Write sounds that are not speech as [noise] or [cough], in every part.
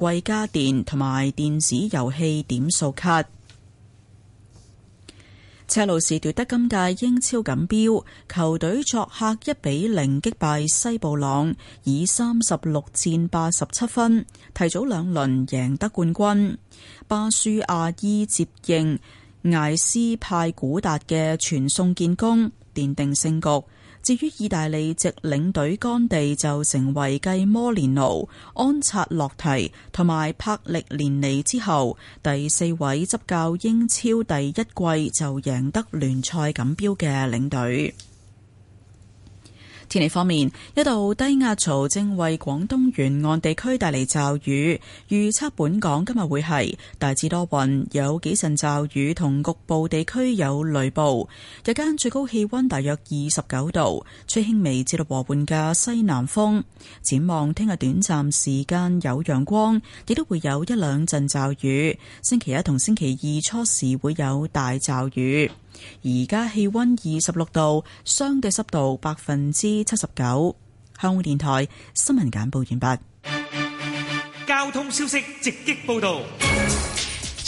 貴家電同埋電子遊戲點數卡。赤路士奪得今屆英超錦標，球隊作客一比零擊敗西布朗，以三十六戰八十七分提早兩輪贏得冠軍。巴舒亞伊接應艾斯派古達嘅傳送建功，奠定勝局。至於意大利籍領隊干地，就成為繼摩連奴、安察洛提同埋柏力連尼之後第四位執教英超第一季就贏得聯賽錦標嘅領隊。天氣方面，一道低壓槽正為廣東沿岸地區帶嚟驟雨。預測本港今日會係大致多雲，有幾陣驟雨同局部地區有雷暴。日間最高氣溫大約二十九度，吹輕微至到和緩嘅西南風。展望聽日短暫時間有陽光，亦都會有一兩陣驟雨。星期一同星期二初時會有大驟雨。而家氣溫二十六度，相對濕度百分之七十九。香港電台新聞簡報完畢。交通消息直擊報道。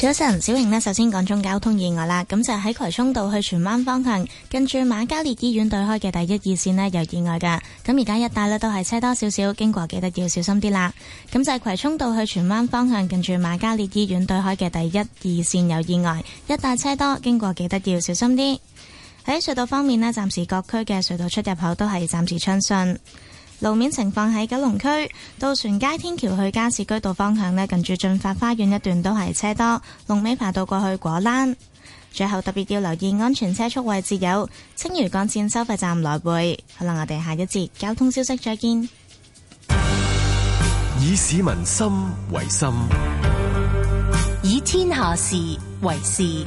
早晨，小瑩呢，首先講宗交通意外啦。咁就喺葵涌道去荃灣方向，近住瑪嘉烈醫院對開嘅第一二綫呢，有意外噶。咁而家一帶呢，都係車多少少，經過記得要小心啲啦。咁就係葵涌道去荃灣方向，近住瑪嘉烈醫院對開嘅第一二綫有意外，一帶車多，經過記得要小心啲。喺隧道方面呢，暫時各區嘅隧道出入口都係暫時暢順。路面情況，喺九龍區渡船街天橋去加士居道方向咧，近住駿發花園一段都係車多，龍尾爬到過去果欄。最後特別要留意安全車速位置有青嶼幹線收費站來回。好啦，我哋下一節交通消息再見。以市民心為心，以天下事為事。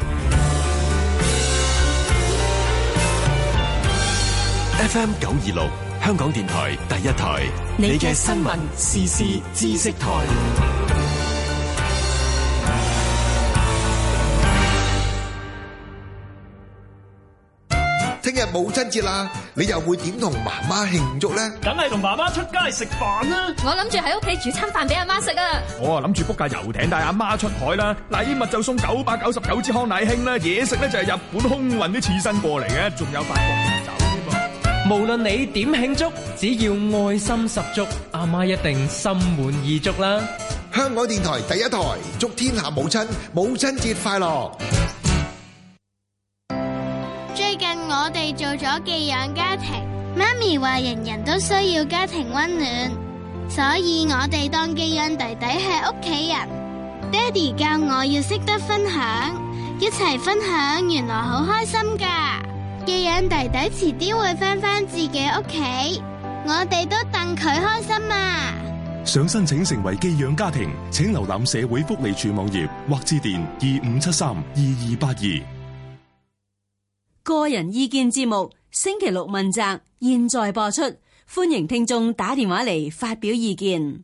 FM 九二六。香港電台第一台，你嘅新聞時事知識台。聽日母親節啦，你又會點同媽媽慶祝咧？梗係同媽媽出街食飯啦！我諗住喺屋企煮餐飯俾阿媽食啊！我啊諗住撲架遊艇帶阿媽出海啦！禮物就送九百九十九支康乃馨啦，嘢食咧就係日本空運啲刺身過嚟嘅，仲有法國酒。無論你點慶祝，只要愛心十足，阿媽一定心滿意足啦！香港電台第一台祝天下母親母親節快樂。最近我哋做咗寄養家庭，媽咪話人人都需要家庭溫暖，所以我哋當寄養弟弟係屋企人。爹哋教我要識得分享，一齊分享原來好開心㗎。寄養弟弟遲啲會返返自己屋企，我哋都戥佢開心啊！想申請成為寄養家庭，請瀏覽社會福利處網頁或致電二五七三二二八二。個人意見節目星期六問責，現在播出，歡迎聽眾打電話嚟發表意見。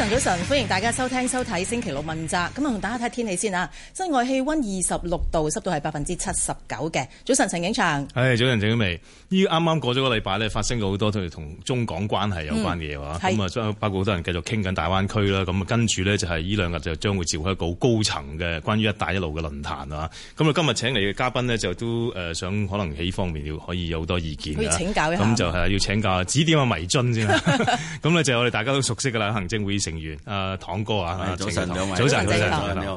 早晨，早晨，歡迎大家收聽收睇星期六問責。咁啊，同大家睇下天氣先啊。室外氣温二十六度，濕度係百分之七十九嘅。早晨，陳景祥。誒、哎，早晨，鄭婉薇。呢，啱啱過咗個禮拜呢，發生過好多同中港關係有關嘅嘢啊。咁啊、嗯，包括好多人繼續傾緊大灣區啦。咁啊，跟住呢，就係呢兩日就將會召開一個高層嘅關於一帶一路嘅論壇啊。咁啊，今日請嚟嘅嘉賓呢，就都誒想可能喺呢方面要可以有好多意見。可以請教一下。咁就係要請教、指點啊，迷津先。咁咧就我哋大家都熟悉嘅啦，行政會議成員誒，堂哥啊，早晨，早晨，早晨，早晨，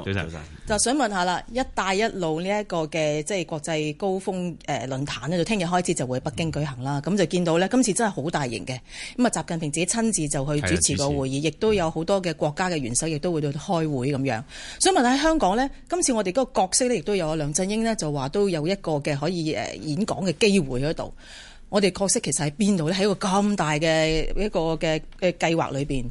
早晨，就想問下啦，一帶一路呢一個嘅即係國際高峰誒論壇咧，就聽日開始就會喺北京舉行啦。咁就見到呢，今次真係好大型嘅咁啊。習近平自己親自就去主持個會議，亦都有好多嘅國家嘅元首亦都會到開會咁樣。想問下香港呢，今次我哋嗰個角色呢，亦都有梁振英呢，就話都有一個嘅可以誒演講嘅機會喺度。我哋角色其實喺邊度呢？喺個咁大嘅一個嘅嘅計劃裏邊。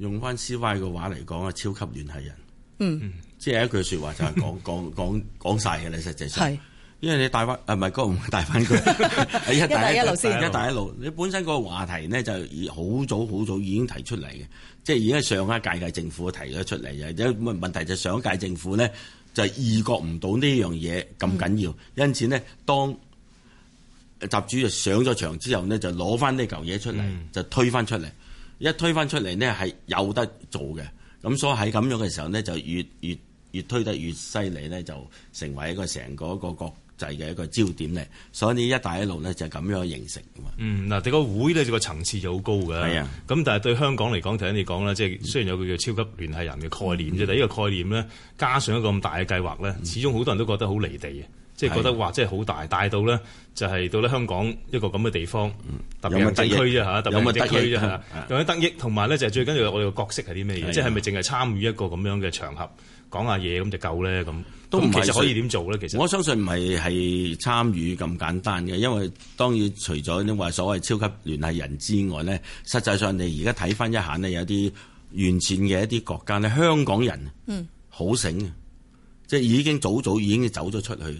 用翻 C.Y. 嘅話嚟講啊，超級聯繫人，嗯，即係一句説話就係、是、講講講講曬嘅你實際上，係 [laughs] 因為你帶翻啊，唔係講唔帶翻佢，嗰個、 [laughs] 一帶一路 [laughs] 先，一帶一路，你本身個話題呢就好早好早已經提出嚟嘅，即係已經上一屆嘅政府提咗出嚟嘅，一問題就上一屆政府咧就係意覺唔到呢樣嘢咁緊要，嗯、因此呢，當習主席上咗場之後呢，就攞翻呢嚿嘢出嚟，就推翻出嚟。一推翻出嚟呢係有得做嘅，咁所以喺咁樣嘅時候呢就越越越推得越犀利呢就成為一個成個一個國際嘅一個焦點嚟。所以呢，一帶一路呢就係咁樣形成嘅嘛。嗯，嗱、啊，個會呢，就個層次就好高嘅。係啊。咁但係對香港嚟講，頭先你講啦，即係雖然有個叫超級聯繫人嘅概念啫，嗯、但係呢個概念呢，加上一個咁大嘅計劃呢，始終好多人都覺得好離地嘅，即係、嗯、覺得話，真係好大，大到呢。就係到咗香港一個咁嘅地方，嗯、特別有得益啫嚇，特別有得益有得益同埋咧就係、最緊要我哋個角色係啲咩嘢？即係咪淨係參與一個咁樣嘅場合講下嘢咁就夠咧？咁都唔係可以點做咧？以其實我相信唔係係參與咁簡單嘅，因為當然除咗你話所謂超級聯繫人之外咧，實際上你而家睇翻一下呢，有啲完前嘅一啲國家咧，香港人好醒，嗯、即係已經早早已經走咗出去。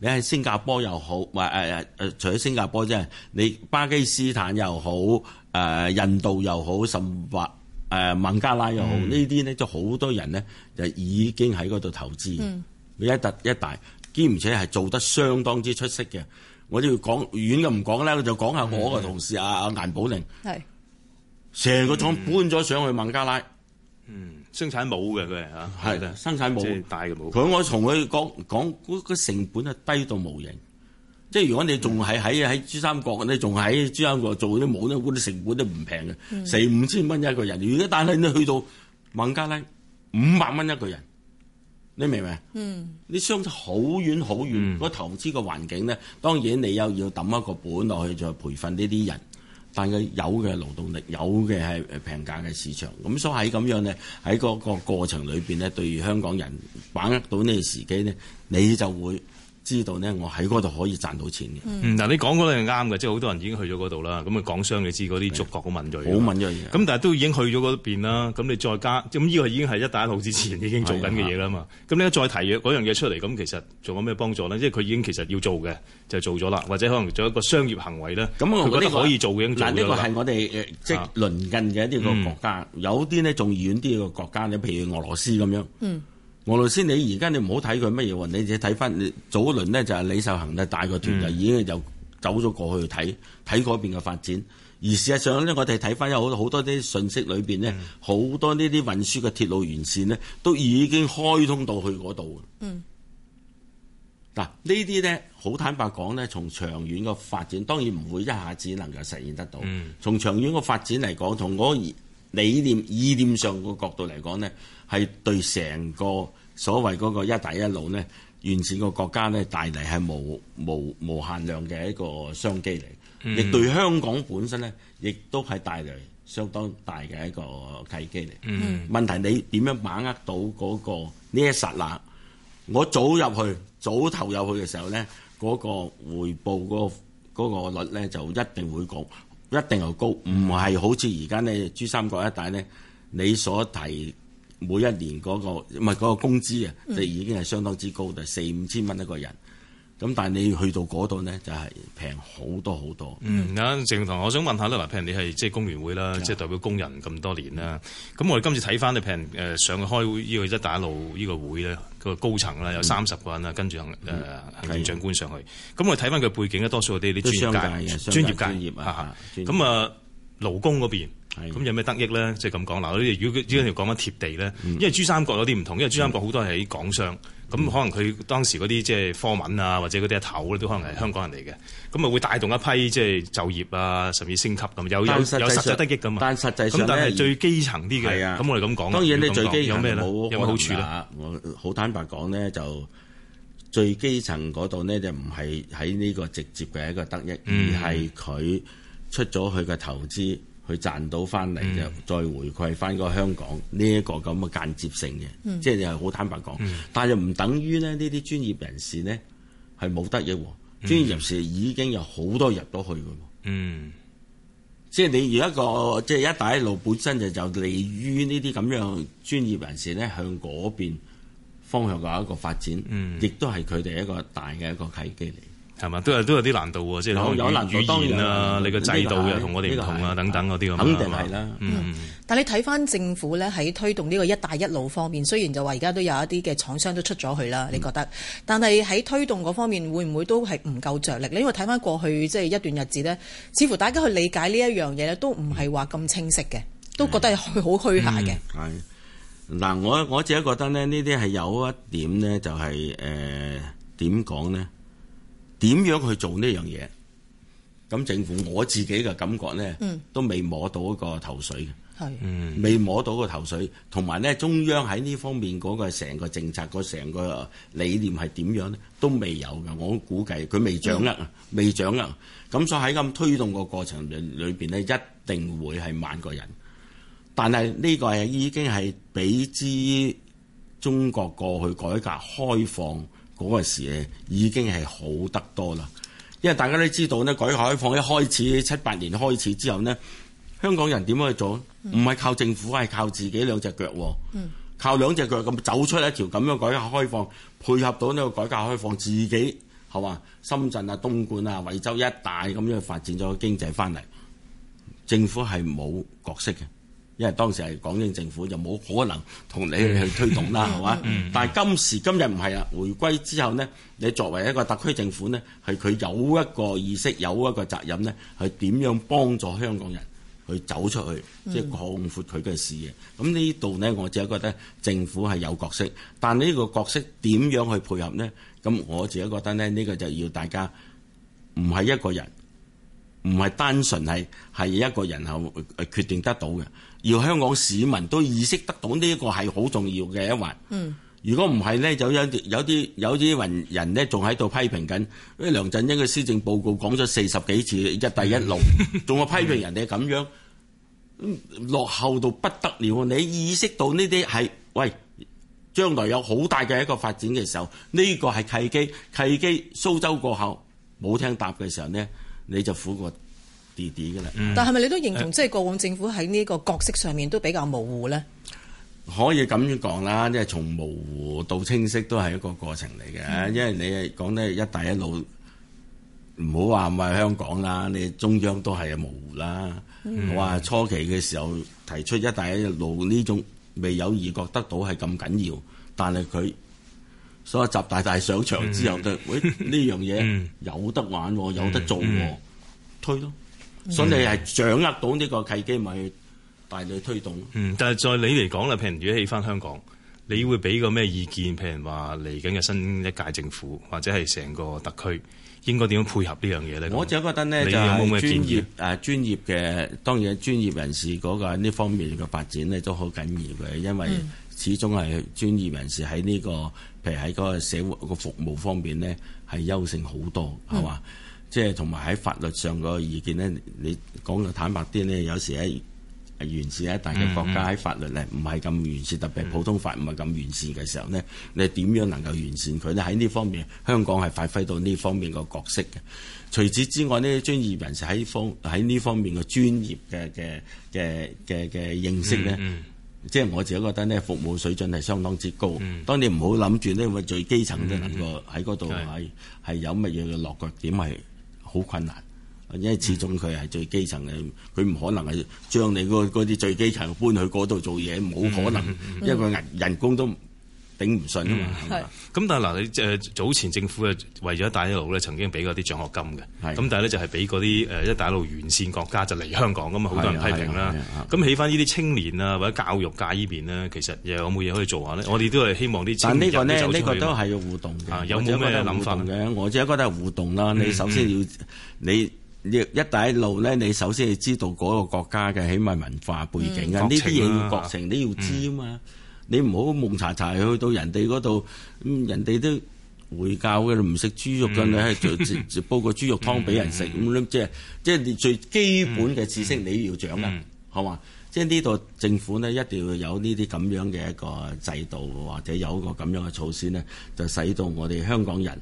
你喺新加坡又好，或誒誒誒，除咗新加坡啫，你巴基斯坦又好，誒、呃、印度又好，甚或誒、呃、孟加拉又好，呢啲咧就好多人咧就已經喺嗰度投資，嗯、一突一大，兼且係做得相當之出色嘅。我都要講遠嘅唔講啦，就講下我個同事阿阿、嗯啊、顏寶玲，係成是個廠搬咗上去孟加拉，嗯。嗯生產帽嘅佢係啊，係啦，生產帽。佢我同佢講講嗰個成本係低到無形。即係如果你仲係喺喺珠三角你仲喺珠三角做啲帽咧，嗰啲、嗯、成本都唔平嘅，四五千蚊一個人。如果但係你去到孟加拉五百蚊一個人，你明唔明？嗯，你相差好遠好遠。個、嗯、投資個環境咧，當然你又要抌一個本落去，再培訓呢啲人。但佢有嘅勞動力，有嘅係平價嘅市場，咁所以喺咁樣咧，喺嗰個過程裏邊咧，對於香港人把握到呢個時機咧，你就會，知道呢，我喺嗰度可以賺到錢嘅。嗱、嗯嗯，你講嗰個係啱嘅，即係好多人已經去咗嗰度啦。咁啊，港商你知嗰啲觸角好敏鋭，好敏銳嘅。咁但係都已經去咗嗰邊啦。咁你再加，咁呢個已經係一帶一路之前已經做緊嘅嘢啦嘛。咁的你再提嗰樣嘢出嚟，咁其實仲有咩幫助呢？即係佢已經其實要做嘅，就做咗啦。或者可能做一個商業行為咧，佢、嗯、覺得可以做嘅。嗯、經呢個係我哋即係鄰近嘅一啲個國家，嗯、有啲呢仲遠啲嘅國家，有譬如俄羅斯咁樣。嗯俄羅斯你，你而家你唔好睇佢乜嘢喎，你只睇翻，你早一輪咧就係李秀恒呢帶個團就、嗯、已經就走咗過去睇睇嗰邊嘅發展，而事實上咧，我哋睇翻有好多好多啲信息裏邊呢，好、嗯、多呢啲運輸嘅鐵路沿綫呢，都已經開通到去嗰度。嗯。嗱，呢啲咧好坦白講咧，從長遠嘅發展，當然唔會一下子能夠實現得到。嗯。從長遠嘅發展嚟講，從嗰個理念意念上嘅角度嚟講呢，係對成個。所謂嗰個一帶一路咧，原始個國家咧，帶嚟係無無無限量嘅一個商機嚟，mm hmm. 亦對香港本身咧，亦都係帶嚟相當大嘅一個契機嚟。Mm hmm. 問題你點樣把握到嗰個呢一剎那？我早入去，早投入去嘅時候咧，嗰、嗰個回報嗰個率咧，就一定會高，一定係高，唔係好似而家呢，珠三角一帶咧，你所提。每一年嗰、那個唔係嗰個工資啊，嗯、就已經係相當之高，就四五千蚊一個人。咁但係你去到嗰度呢，就係平好多好多。嗯，啊，鄭耀棠，我想問，問下咧，嗱、嗯，譬如你係即係工聯會啦，即、就、係、是、代表工人咁多年啦。咁我哋今次睇翻咧，譬如誒上開呢依即一打路呢個會咧，個高層啦有三十個人啦，嗯、跟住誒行、嗯、行政長官上去。咁我哋睇翻佢背景多數係啲啲商界、啊啊啊、專業界業啊。咁啊，勞工嗰邊？咁有咩得益咧？即係咁講嗱，如果你如果要講緊貼地咧，因為珠三角有啲唔同，因為珠三角好多係喺港商咁，可能佢當時嗰啲即係科文啊，或者嗰啲頭都可能係香港人嚟嘅，咁咪會帶動一批即係就業啊，甚至升級咁有有有實際得益㗎嘛。但實際上咧，最基層啲嘅，咁我哋咁講。當然你最基有咩咧？有咩好處啦。我好坦白講咧，就最基層嗰度呢，就唔係喺呢個直接嘅一個得益，而係佢出咗佢嘅投資。佢賺到翻嚟就再回饋翻個香港呢一個咁嘅間接性嘅，嗯、即係你好坦白講。嗯、但係又唔等於咧，呢啲專業人士咧係冇得益喎。嗯、專業人士已經有好多入到去嘅喎。嗯，即係你如果一個即係一帶一路本身就就利於呢啲咁樣專業人士咧向嗰邊方向嘅一個發展，亦都係佢哋一個大嘅一個契機嚟。係嘛，都係都有啲難度喎，即係有語言、語言啊，你個制度又、嗯、同我哋唔同啦，等等嗰啲咁啊嘛。肯定係啦。吧但係你睇翻政府咧喺推動呢個「一帶一路」方面，嗯、雖然就話而家都有一啲嘅廠商都出咗去啦，嗯、你覺得？但係喺推動嗰方面，會唔會都係唔夠着力咧？嗯、因為睇翻過去即係一段日子咧，似乎大家去理解呢一樣嘢咧，都唔係話咁清晰嘅，嗯、都覺得好虛下嘅。係、嗯。嗱、嗯，我我自己覺得咧，呢啲係有一點咧、就係，就係誒點講呢？點樣去做呢樣嘢？咁政府我自己嘅感覺咧，嗯、都未摸到一個頭緒嘅的、嗯，未摸到個頭緒。同埋咧，中央喺呢方面嗰個成個政策、個成個理念係點樣咧，都未有嘅。我估計佢未掌握，嗯、未掌握。咁所以喺咁推動個過程裏裏邊咧，一定會係慢個人。但係呢個係已經係比之中國過去改革開放。嗰陣時已經係好得多啦，因為大家都知道咧，改革開放一開始七八年開始之後咧，香港人點樣去做？唔係靠政府，係靠自己兩隻腳。嗯，靠兩隻腳咁走出一條咁樣改革開放，配合到呢個改革開放，自己係嘛，深圳啊、東莞啊、惠州一帶咁樣去發展咗個經濟翻嚟，政府係冇角色嘅。因為當時係港英政府就冇可能同你去推動啦，係嘛？但係今時今日唔係啊。回歸之後呢，你作為一個特區政府呢，係佢有一個意識，有一個責任呢，係點樣幫助香港人去走出去，即係擴闊佢嘅視野。咁呢度呢，我自己覺得政府係有角色，但呢個角色點樣去配合呢？咁我自己覺得呢，呢個就要大家唔係一個人，唔係單純係係一個人後決定得到嘅。要香港市民都意識得到呢個係好重要嘅一環。如果唔係咧，就有有啲有啲雲人咧，仲喺度批評緊。因為梁振英嘅施政報告講咗四十幾次一帶一路，仲話、嗯、批評人哋咁樣，落後到不得了。你意識到呢啲係喂，將來有好大嘅一個發展嘅時候，呢個係契機。契機，蘇州過後冇聽答嘅時候咧，你就苦過。啲啦，嗯、但係咪你都認同即係過往政府喺呢個角色上面都比較模糊咧？可以咁樣講啦，即係從模糊到清晰都係一個過程嚟嘅。嗯、因為你講咧一帶一路，唔好話唔係香港啦，你中央都係模糊啦。我話、嗯、初期嘅時候提出一帶一路呢種未有異覺得,得到係咁緊要，但係佢所以習大大上場之後，就喂呢樣嘢有得玩、哦，有得做、哦嗯嗯，推咯。嗯、所以你係掌握到呢個契機，咪大力推動。嗯，但係在你嚟講啦，譬如如果起翻香港，你會俾個咩意見？譬如話嚟緊嘅新一屆政府或者係成個特區應該點樣配合呢樣嘢咧？我就覺得呢，你有冇咩建議？就係專業誒、啊、專業嘅，當然專業人士嗰個呢方面嘅發展咧都好緊要嘅，因為始終係專業人士喺呢、這個譬如喺嗰個社會個服務方面呢，係優勝好多，係嘛、嗯？即係同埋喺法律上個意見呢，你講到坦白啲呢，有時喺完善一啲嘅國家喺法律呢，唔係咁完善，特別普通法唔係咁完善嘅時候呢，你點樣能夠完善佢呢？喺呢方面，香港係發揮到呢方面個角色嘅。除此之外呢，專業人士喺方喺呢方面嘅專業嘅嘅嘅嘅嘅認識呢，嗯嗯、即係我自己覺得呢服務水準係相當之高。嗯、當你唔好諗住呢會最基層都能夠喺嗰度係係有乜嘢嘅落腳點係。嗯嗯好困難，因為始終佢係最基層嘅，佢唔可能係將你嗰嗰啲最基層搬去嗰度做嘢，冇可能，因為佢人工都。頂唔順啊嘛，咁、嗯、是但係嗱你誒早前政府誒為咗一帶一路咧，曾經俾嗰啲獎學金嘅，咁的但係咧就係俾嗰啲誒一帶一路完善國家就嚟香港，咁嘛的，好多人批評啦。咁起翻呢啲青年啊或者教育界呢邊咧，其實有冇嘢可以做下咧？我哋都係希望啲青年呢個呢個都係要互動嘅，有冇咩諗法嘅？我只係覺得係互動啦。你首先要你一帶一路咧，你首先要知道嗰個國家嘅起碼文化背景啊，呢啲嘢要國情，你要知啊嘛。嗯嗯。你唔好蒙查查去到人哋嗰度，咁人哋都回教嘅，唔食豬肉嘅，嗯、你係就就煲個豬肉湯俾人食，咁樣、嗯、即係即係你最基本嘅知識你要掌握，嗯、好嘛吧？即係呢度政府呢，一定要有呢啲咁樣嘅一個制度，或者有一個咁樣嘅措施呢，就使到我哋香港人，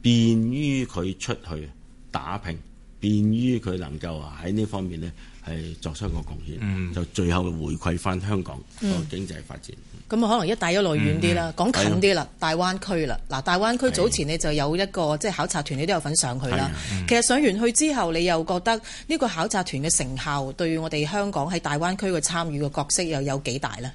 便於佢出去打拼，便於佢能夠喺呢方面咧。係作出個貢獻，嗯、就最後回饋翻香港個經濟發展。咁啊、嗯，嗯、可能一帶一路遠啲啦，講、嗯、近啲啦，大灣區啦。嗱，大灣區早前你就有一個的即係考察團，你都有份上去啦。的其實上完去之後，你又覺得呢個考察團嘅成效對我哋香港喺大灣區嘅參與嘅角色又有幾大呢？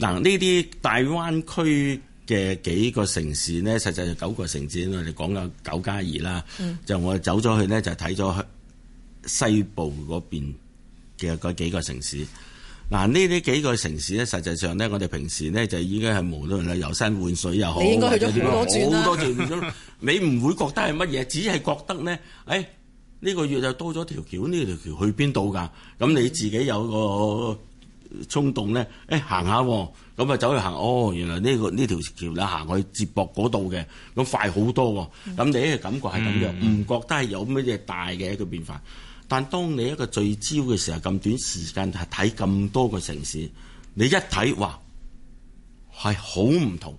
嗱、嗯，呢啲大灣區嘅幾個城市呢，實際就九個城市，我哋講緊九加二啦。2, 嗯、就我哋走咗去呢，就睇咗西部嗰邊。其實嗰幾個城市，嗱呢啲幾個城市咧，實際上咧，我哋平時咧就應該係無論去遊山玩水又好，你應該去咗好多轉好、啊、多轉咗、啊， [laughs] 你唔會覺得係乜嘢，只係覺得咧，誒、哎、呢、這個月就多咗條橋，呢、這、條、個、橋去邊度噶？咁你自己有個衝動咧，誒、哎、行下喎、啊，咁啊走去行，哦原來呢、這個呢條、這個、橋咧行去接駁嗰度嘅，咁快好多喎、啊，咁你嘅感覺係咁樣，唔覺得係有乜嘢大嘅一個變化。但當你一個聚焦嘅時候，咁短時間係睇咁多個城市，你一睇話係好唔同，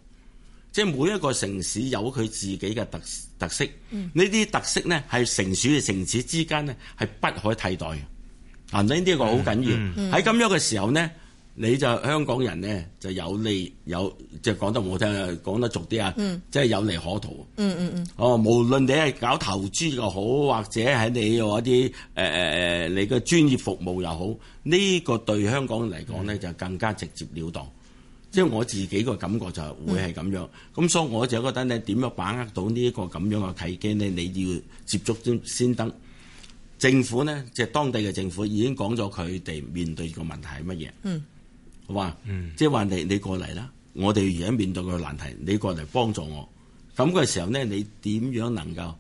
即係每一個城市有佢自己嘅特特色。呢啲、嗯、特色咧係城市嘅城市之間咧係不可替代嘅。啊，呢、呢、啲個好緊要喺咁、嗯嗯、樣嘅時候咧。你就香港人咧，就有利有即係講得唔好聽，講得俗啲啊！即係、嗯、有利可圖、嗯。嗯嗯嗯。哦，無論你係搞投資又好，或者喺你嗰啲誒誒誒，你嘅專業服務又好，呢、這個對香港嚟講咧、嗯、就更加直接了當。嗯、即係我自己個感覺就係會係咁樣。咁、嗯、所以我就覺得咧，點樣把握到呢、這、一個咁樣嘅契機咧？你要接觸先先得。政府呢，即、就、係、是、當地嘅政府已經講咗佢哋面對個問題係乜嘢。嗯。係嘛？嗯、即係話你你過嚟啦，我哋而家面對個難題，你過嚟幫助我，咁嘅時候咧，你點樣能夠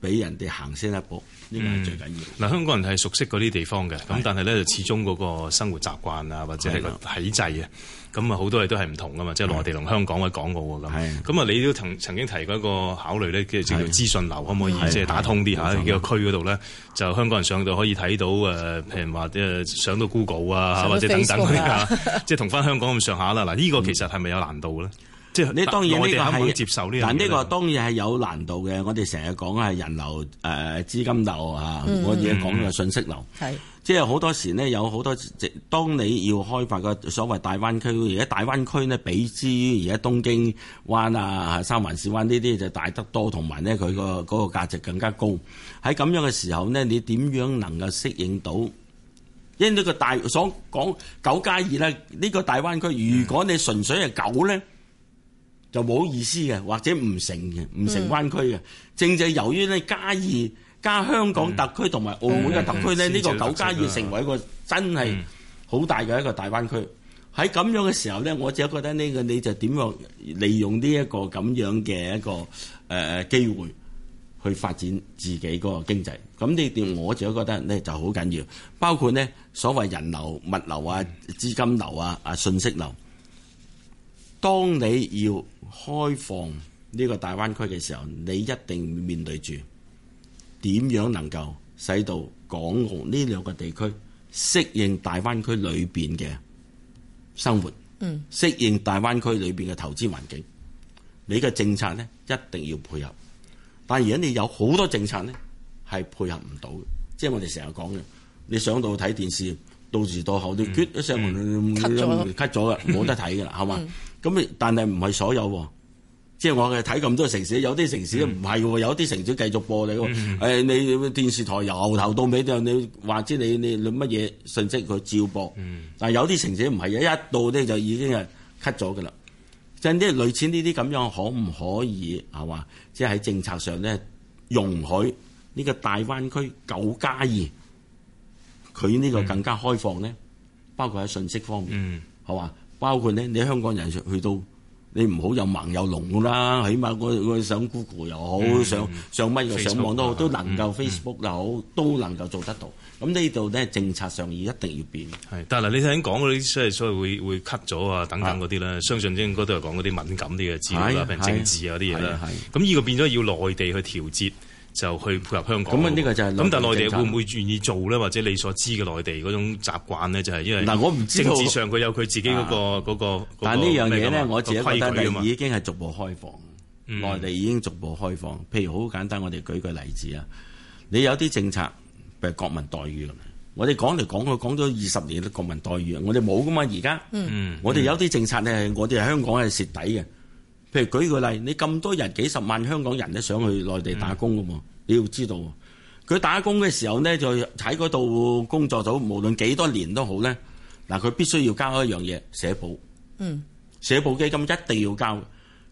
俾人哋行先一步？呢個係最緊要。嗱、嗯嗯，香港人係熟悉嗰啲地方嘅，咁的但係咧，就始終嗰個生活習慣啊，或者係個體制啊。咁啊，好多嘢都係唔同噶嘛，即係內地同香港嘅港澳喎咁。咁啊，你都曾曾經提過一個考慮咧，叫做資訊流可唔可以即係打通啲嚇幾個區嗰度咧？就香港人上到可以睇到誒，譬如話誒上到 Google 啊，或者等等嗰啲嚇，即係同翻香港咁上下啦。嗱，呢個其實係咪有難度咧？即係你當然呢個係接受呢個，但呢個當然係有難度嘅。我哋成日講係人流、誒資金流啊，我而家講嘅係信息流。係。即係好多時呢，有好多時。當你要開發個所謂大灣區，而家大灣區呢，比之而家東京灣啊、三藩市灣呢啲就大得多，同埋呢，佢個嗰個價值更加高。喺咁樣嘅時候呢，你點樣能夠適應到因呢個大所講九加二咧？呢個大灣區如果你純粹係九呢，就冇意思嘅，或者唔成嘅，唔成灣區嘅。正正由於呢，加二。加香港特區同埋澳門嘅特區呢，呢、嗯、個九加二成為一個真係好大嘅一個大灣區。喺咁、嗯、樣嘅時候呢，我自己覺得呢個你就點樣利用呢一個咁樣嘅一個誒機會去發展自己嗰個經濟。咁呢啲我自己覺得呢就好緊要，包括呢所謂人流、物流啊、資金流啊、啊信息流。當你要開放呢個大灣區嘅時候，你一定面對住。點樣能夠使到港澳呢兩個地區適應大灣區裏邊嘅生活？嗯，適應大灣區裏邊嘅投資環境，你嘅政策咧一定要配合。但係而家你有好多政策咧係配合唔到嘅，即係我哋成日講嘅，你上到睇電視，到時到後你、嗯、決一扇門，cut 咗，冇得睇噶啦，係嘛？咁但係唔係所有喎。即係我哋睇咁多城市，有啲城市都唔係喎，有啲城市繼續播你喎、嗯哎，你電視台由頭到尾就你話之你你乜嘢信息佢照播，但係有啲城市唔係一到呢就已經係 cut 咗㗎啦。即係啲類似呢啲咁樣，可唔可以係話即係喺政策上咧容許呢個大灣區九加二佢呢個更加開放咧？包括喺信息方面，係嘛、嗯？包括咧你香港人去到。你唔好又盲又聾啦，起碼個個上 Google 又好，嗯、上上乜嘢上網都好，嗯、都能夠、嗯、Facebook 又好，嗯、都能夠做得到。咁呢度咧政策上要一定要變。係，但係你頭先講啲，即係所謂會會 cut 咗啊等等嗰啲咧，是相信應該都係講嗰啲敏感啲嘅資料啦，譬是如政治啊啲嘢啦。咁呢個變咗要內地去調節。就去配合香港。咁啊，呢個就係咁。但係內地會唔會願意做咧？或者你所知嘅內地嗰種習慣咧，就係、是、因為政治上佢有佢自己嗰、嗰個嗰、啊嗰個、但呢樣嘢咧，我自己覺得已經係逐步開放。內地、嗯、已經逐步開放。譬如好簡單，我哋舉個例子啊。你有啲政策，譬如國民待遇啦。我哋講嚟講去講咗二十年嘅國民待遇，我哋冇噶嘛。而家、嗯，我哋有啲政策咧，我哋係香港係蝕底嘅。譬如舉個例，你咁多人幾十萬香港人都想去內地打工㗎嘛。嗯、你要知道，佢打工嘅時候咧，就喺嗰度工作到無論幾多年都好咧，嗱，佢必須要交一樣嘢社保，嗯，社保基金一定要交。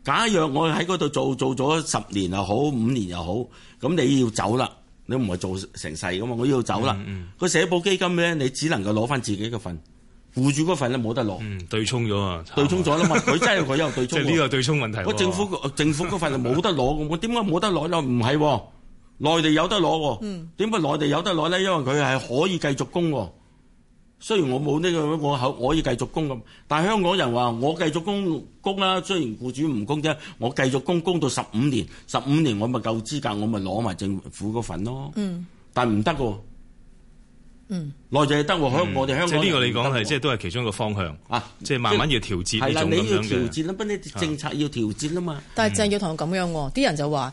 假若我喺嗰度做做咗十年又好，五年又好，咁你要走啦，你唔係做成世㗎嘛，我要走啦，個、嗯嗯、社保基金咧，你只能夠攞翻自己嘅份。雇主嗰份咧，冇得攞，嗯，對沖咗啊！對沖咗啦嘛，佢真係佢有對沖。呢 [laughs] 個對沖問題政，政府政府嗰份就冇得攞咁，我點解冇得攞咧？唔係，哦，內地有得攞喎。點解內地有得攞咧？因為佢係可以繼續供喎。雖然我冇呢、這個，我可可以繼續供咁，但係香港人話我繼續供供啦，雖然雇主唔供啫，我繼續供供到十五年，十五年我咪夠資格，我咪攞埋政府嗰份咯。嗯，但係唔得喎。 [noise] 嗯，內地又得喎，我哋香港。即呢個你講係，即係 [noise] 都係其中一個方向啊！即係是慢慢要調節呢種咁啦的，你要調節啦，不你的政策要調節啦嘛。嗯、但係鄭耀棠咁樣喎，啲、嗯、人就話。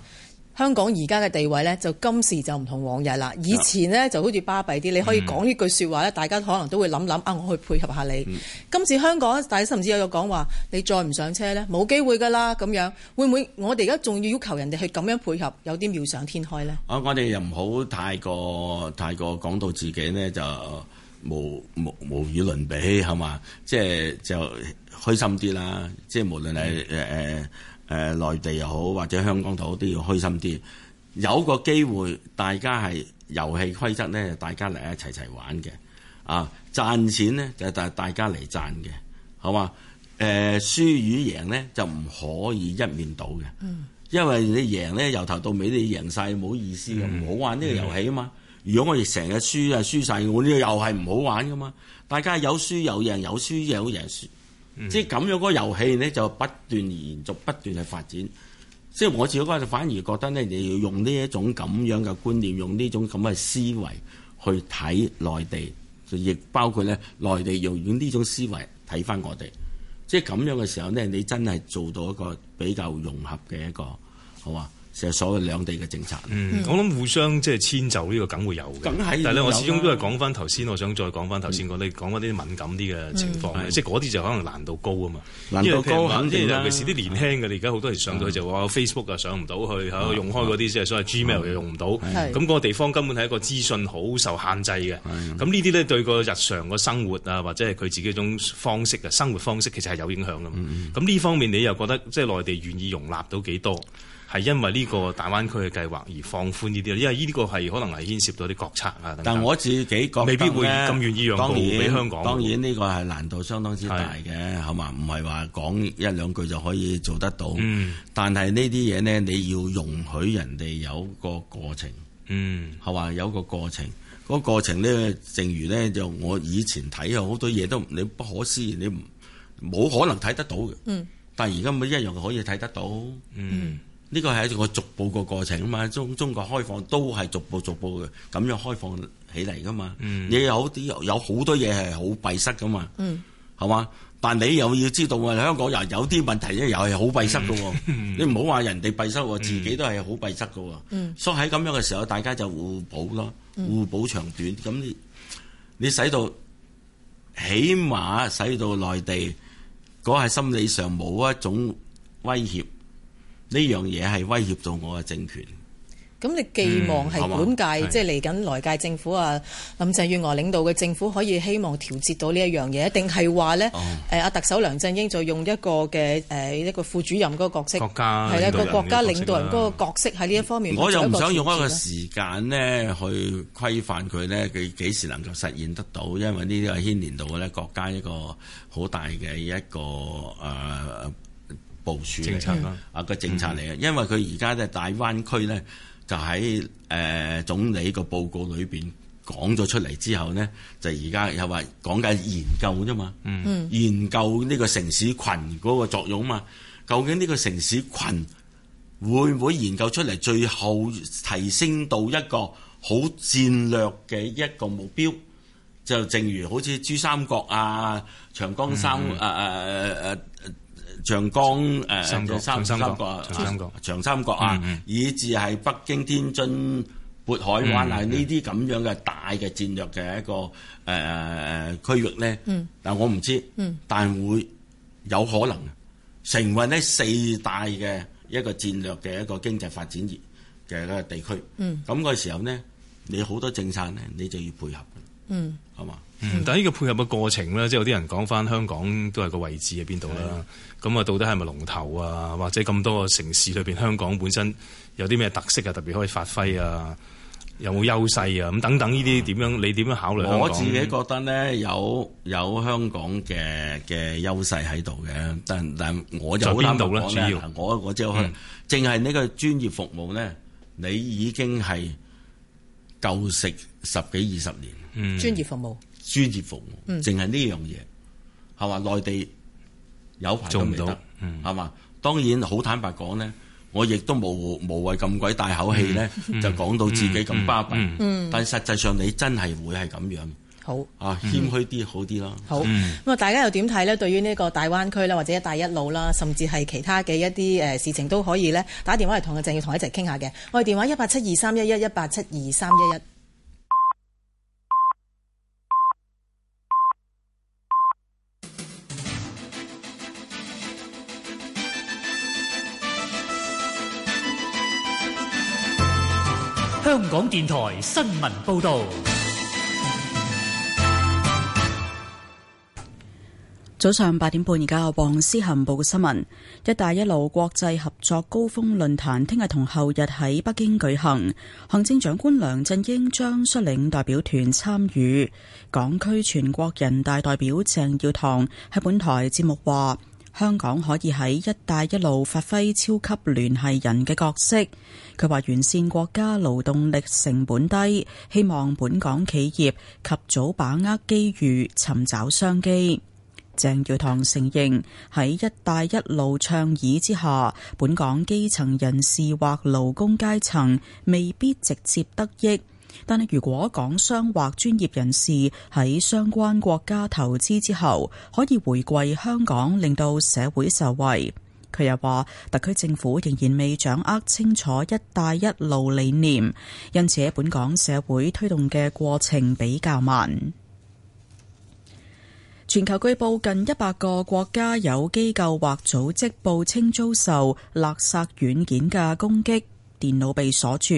香港而家嘅地位咧，就今時就唔同往日啦。以前咧就好似巴閉啲，嗯、你可以講呢句説話咧，大家可能都會諗諗啊，我去配合下你。嗯、今次香港，大家甚至有個講話，你再唔上車咧，冇機會噶啦咁樣。會唔會我哋而家仲要要求人哋去咁樣配合？有啲妙想天開咧。啊，我哋又唔好太過太過講到自己呢，就無無無與倫比係嘛？即係就開、是、心啲啦。即、就、係、是、無論係誒誒。嗯誒、呃，內地又好，或者香港都好，都要開心啲。有個機會，大家係遊戲規則咧，大家嚟一齊齊玩嘅。啊，賺錢咧就大大家嚟賺嘅，好嘛？誒、呃，輸與贏咧就唔可以一面倒嘅。嗯、因為你贏咧，由頭到尾你贏晒冇意思嘅，唔、嗯、好玩呢個遊戲啊嘛。嗯、如果我哋成日輸啊，輸晒，我呢個又係唔好玩噶嘛。大家有輸有贏，有輸有贏輸。嗯、即係咁樣嗰個遊戲咧，就不斷延續，不斷去發展。即係我自己覺，就反而覺得咧，你要用呢一種咁樣嘅觀念，用呢種咁嘅思維去睇內地，就亦包括咧內地用兒呢種思維睇返我哋。即係咁樣嘅時候咧，你真係做到一個比較融合嘅一個，好啊。成日所謂兩地嘅政策，嗯，我諗互相即係遷就呢個梗會有嘅，梗係，但係咧，我始終都係講翻頭先，我想再講翻頭先，我你講翻啲敏感啲嘅情況，即係嗰啲就可能難度高啊嘛，難度高肯定啦，尤其是啲年輕嘅，你而家好多時上到去就話 Facebook 啊上唔到去，用開嗰啲即係所謂 Gmail 又用唔到，係咁，嗰個地方根本係一個資訊好受限制嘅。咁呢啲呢，對個日常個生活啊，或者係佢自己一種方式嘅生活方式，其實係有影響噶嘛。咁呢方面你又覺得即係內地願意容納到幾多？係因為呢個大灣區嘅計劃而放寬呢啲，因為呢個係可能係牽涉到啲國策啊。但係我自己講未必會咁願意讓步俾然香港。當然呢個係難度相當之大嘅，係嘛是？唔係話講一兩句就可以做得到。嗯、但係呢啲嘢呢，你要容許人哋有個過程。係嘛、嗯？有個過程，嗰、那個過程呢，正如呢，就我以前睇有好多嘢都你不可思議，你冇可能睇得到。嗯、但係而家咪一樣可以睇得到。嗯嗯。呢個係一個逐步個過程啊嘛，中中國開放都係逐步逐步嘅咁樣開放起嚟噶嘛。嗯、你有啲有好多嘢係好閉塞噶嘛，係嘛、嗯？但你又要知道啊，香港又有啲問題咧，又係好閉塞噶。嗯、你唔好話人哋閉塞喎，嗯、自己都係好閉塞噶。嗯、所以喺咁樣嘅時候，大家就互補咯，互補長短。咁你，你使到起碼使到內地嗰係心理上冇一種威脅。呢樣嘢係威脅到我嘅政權。咁你寄望係本屆即係嚟緊來屆政府啊，林鄭月娥領導嘅政府可以希望調節到呢一樣嘢，定係話呢？誒，阿特首梁振英就用一個嘅誒一個副主任嗰個角色，係一個國家領導人嗰個角色喺呢一方面，我又唔想用一個時間呢去規範佢呢，佢幾時能夠實現得到？因為呢啲係牽連到咧國家一個好大嘅一個誒。部署政策、嗯、啊，個政策嚟嘅，因為佢而家咧大灣區咧就喺誒、呃、總理個報告裏邊講咗出嚟之後咧，就而家又話講緊研究啫嘛，嗯、研究呢個城市群嗰個作用啊嘛，究竟呢個城市群會唔會研究出嚟，最後提升到一個好戰略嘅一個目標，就正如好似珠三角啊、長江三誒誒誒誒。嗯嗯長江誒三角，三角，長三角啊，以至係北京、天津、渤海灣啊，呢啲咁樣嘅大嘅戰略嘅一個誒誒區域咧。但我唔知。但會有可能成為呢四大嘅一個戰略嘅一個經濟發展熱嘅一個地區。嗯，咁嘅時候咧，你好多政策咧，你就要配合。嗯，係嘛？嗯，但係呢個配合嘅過程咧，即係有啲人講翻香港都係個位置喺邊度啦。咁啊，到底係咪龍頭啊？或者咁多個城市裏邊，香港本身有啲咩特色啊？特別可以發揮啊？有冇優勢啊？咁等等呢啲點樣？嗯、你點樣考慮？我自己覺得咧，有有香港嘅嘅優勢喺度嘅，但但我就會講咧，主要我我就淨係呢個專業服務咧，你已經係夠食十幾二十年。嗯，專業服務，專業服務，嗯，淨係呢樣嘢係嘛？內地。有排做唔到，係、嗯、嘛。當然好坦白講咧，我亦都無無謂咁鬼大口氣咧，嗯、就講到自己咁巴閉。嗯嗯嗯、但實際上你真係會係咁樣。好啊，謙虛啲好啲咯。嗯、好咁啊。嗯嗯、大家又點睇咧？對於呢個大灣區咧，或者一帶一路啦，甚至係其他嘅一啲誒事情，都可以咧打電話嚟同阿鄭耀棠一齊傾下嘅。我哋電話一八七二三一一一八七二三一一。香港電台新聞報道，早上八點半，而家由黃思恒報嘅新聞。一帶一路國際合作高峰論壇聽日同後日喺北京舉行，行政長官梁振英將率領代表團參與。港區全國人大代表鄭耀棠喺本台節目話。香港可以喺“一帶一路”發揮超級聯繫人嘅角色。佢話完善國家勞動力成本低，希望本港企業及早把握機遇，尋找商機。鄭耀棠承認喺“一帶一路”倡議之下，本港基層人士或勞工階層未必直接得益。但係，如果港商或專業人士喺相關國家投資之後，可以回歸香港，令到社會受惠。佢又話，特區政府仍然未掌握清楚“一帶一路”理念，因此本港社會推動嘅過程比較慢。全球據報近一百個國家有機構或組織報稱遭受勒索軟件嘅攻擊。電腦被鎖住，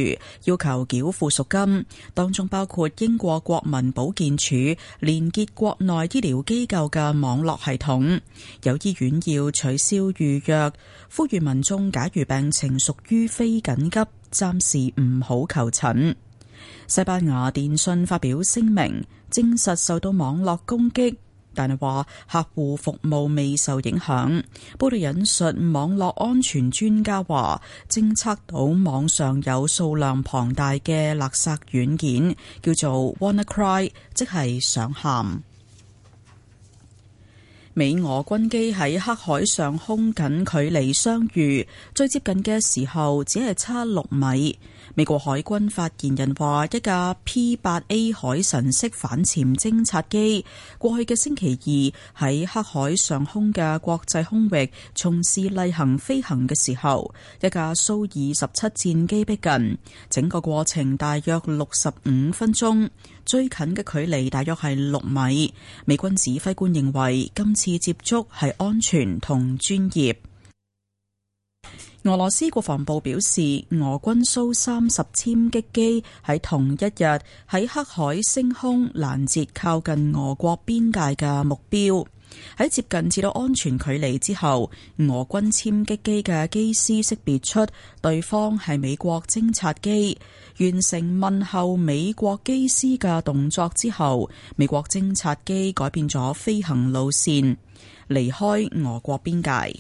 要求繳付贖金，當中包括英國國民保健署連結國內醫療機構嘅網絡系統。有醫院要取消預約，呼籲民眾假如病情屬於非緊急，暫時唔好求診。西班牙電信發表聲明，證實受到網絡攻擊。但係話客戶服務未受影響。報道引述網絡安全專家話，偵測到網上有數量龐大嘅垃圾軟件，叫做 Wanna Cry，即係想喊。美俄軍機喺黑海上空近距離相遇，最接近嘅時候只係差六米。美國海軍發言人話：一架 P 八 A 海神式反潛偵察機過去嘅星期二喺黑海上空嘅國際空域從事例行飛行嘅時候，一架蘇二十七戰機逼近。整個過程大約六十五分鐘，最近嘅距離大約係六米。美軍指揮官認為今次接觸係安全同專業。俄羅斯國防部表示，俄軍蘇三十殲擊機喺同一日喺黑海升空攔截靠近俄國邊界嘅目標。喺接近至到安全距離之後，俄軍殲擊機嘅機師識別出對方係美國偵察機。完成問候美國機師嘅動作之後，美國偵察機改變咗飛行路線，離開俄國邊界。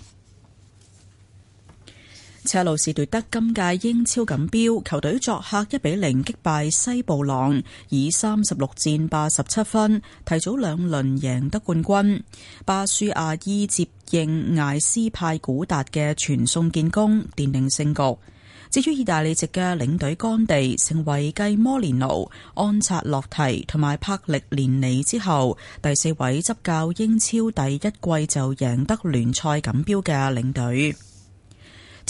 車路士奪得今屆英超錦標，球隊作客一比零擊敗西布朗，以三十六戰八十七分提早兩輪贏得冠軍。巴舒亞伊接應艾斯派古達嘅傳送建功，奠定勝局。至於意大利籍嘅領隊干地，成為繼摩連奴、安察洛提同埋柏力連尼之後第四位執教英超第一季就贏得聯賽錦標嘅領隊。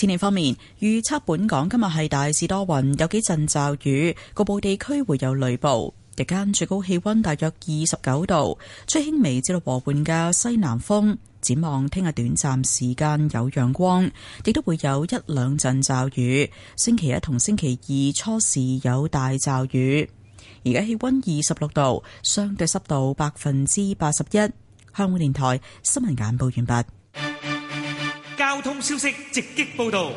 天氣方面，預測本港今日係大致多雲，有幾陣驟雨，局部地區會有雷暴。日間最高氣温大約二十九度，吹輕微至到和緩嘅西南風。展望聽日短暫時間有陽光，亦都會有一兩陣驟雨。星期一同星期二初時有大驟雨。而家氣温二十六度，相對濕度百分之八十一。香港電台新聞眼報完畢。交通消息直擊報道，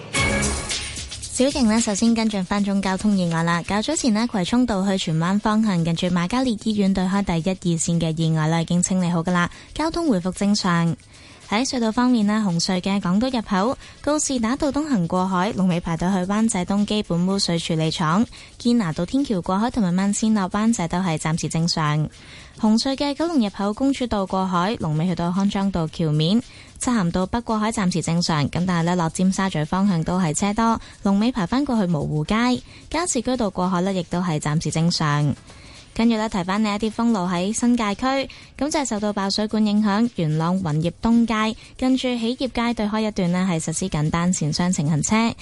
小敬呢，首先跟進翻宗交通意外啦。較早前呢，葵涌道去荃灣方向近住馬嘉烈醫院對開第一二線嘅意外咧已經清理好噶啦，交通回復正常。喺隧道方面呢，紅隧嘅港島入口、告士打道東行過海、龍尾排隊去灣仔東基本污水處理廠、堅拿道天橋過海同埋慢線落灣仔都係暫時正常。紅隧嘅九龍入口，公主道過海龍尾去到康莊道橋面，漆咸道北過海暫時正常，咁但係呢落尖沙咀方向都係車多，龍尾排返過去蕪湖街、加士居道過海呢亦都係暫時正常。跟住呢，提翻你一啲封路喺新界區，咁就係、是、受到爆水管影響，元朗雲業東街近住起業街對開一段呢係實施緊單線雙程行車。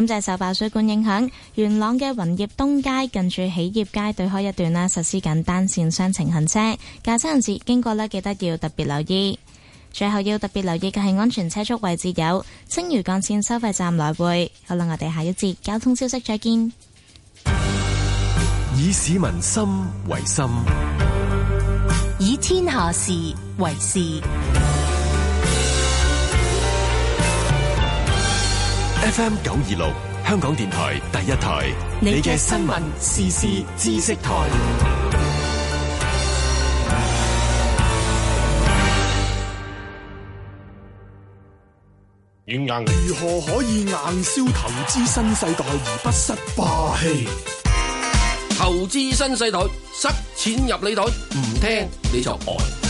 咁就受爆水管影響，元朗嘅雲業東街近住起業街對開一段啦，實施緊單綫雙程行車，駕駛人士經過咧記得要特別留意。最後要特別留意嘅係安全車速位置有青嶼幹線收費站來回。好啦，我哋下一節交通消息再見。以市民心為心，以天下事為事。FM 九二六，香港電台第一台，你嘅新聞、時事、知識台。如何可以硬銷投資新世代而不失霸氣？投資新世代，塞錢入你袋，唔聽你就呆。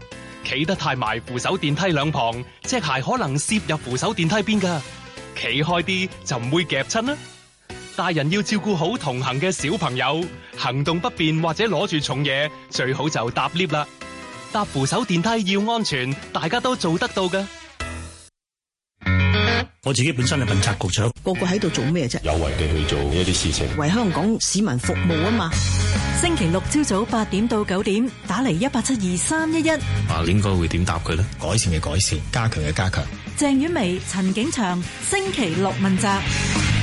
企得太埋扶手電梯兩旁，隻鞋可能攝入扶手電梯邊噶。企開啲就唔會夾親啦。大人要照顧好同行嘅小朋友，行動不便或者攞住重嘢，最好就搭 lift 啦。搭扶手電梯要安全，大家都做得到噶。我自己本身係殯葬局長，個個喺度做咩啫？有為地去做一啲事情，為香港市民服務啊嘛。星期六朝早八點到九點，打嚟一八七二三一一。啊，應該會點答佢咧？改善嘅改善，加強嘅加強。鄭婉薇、陳景祥，星期六問責。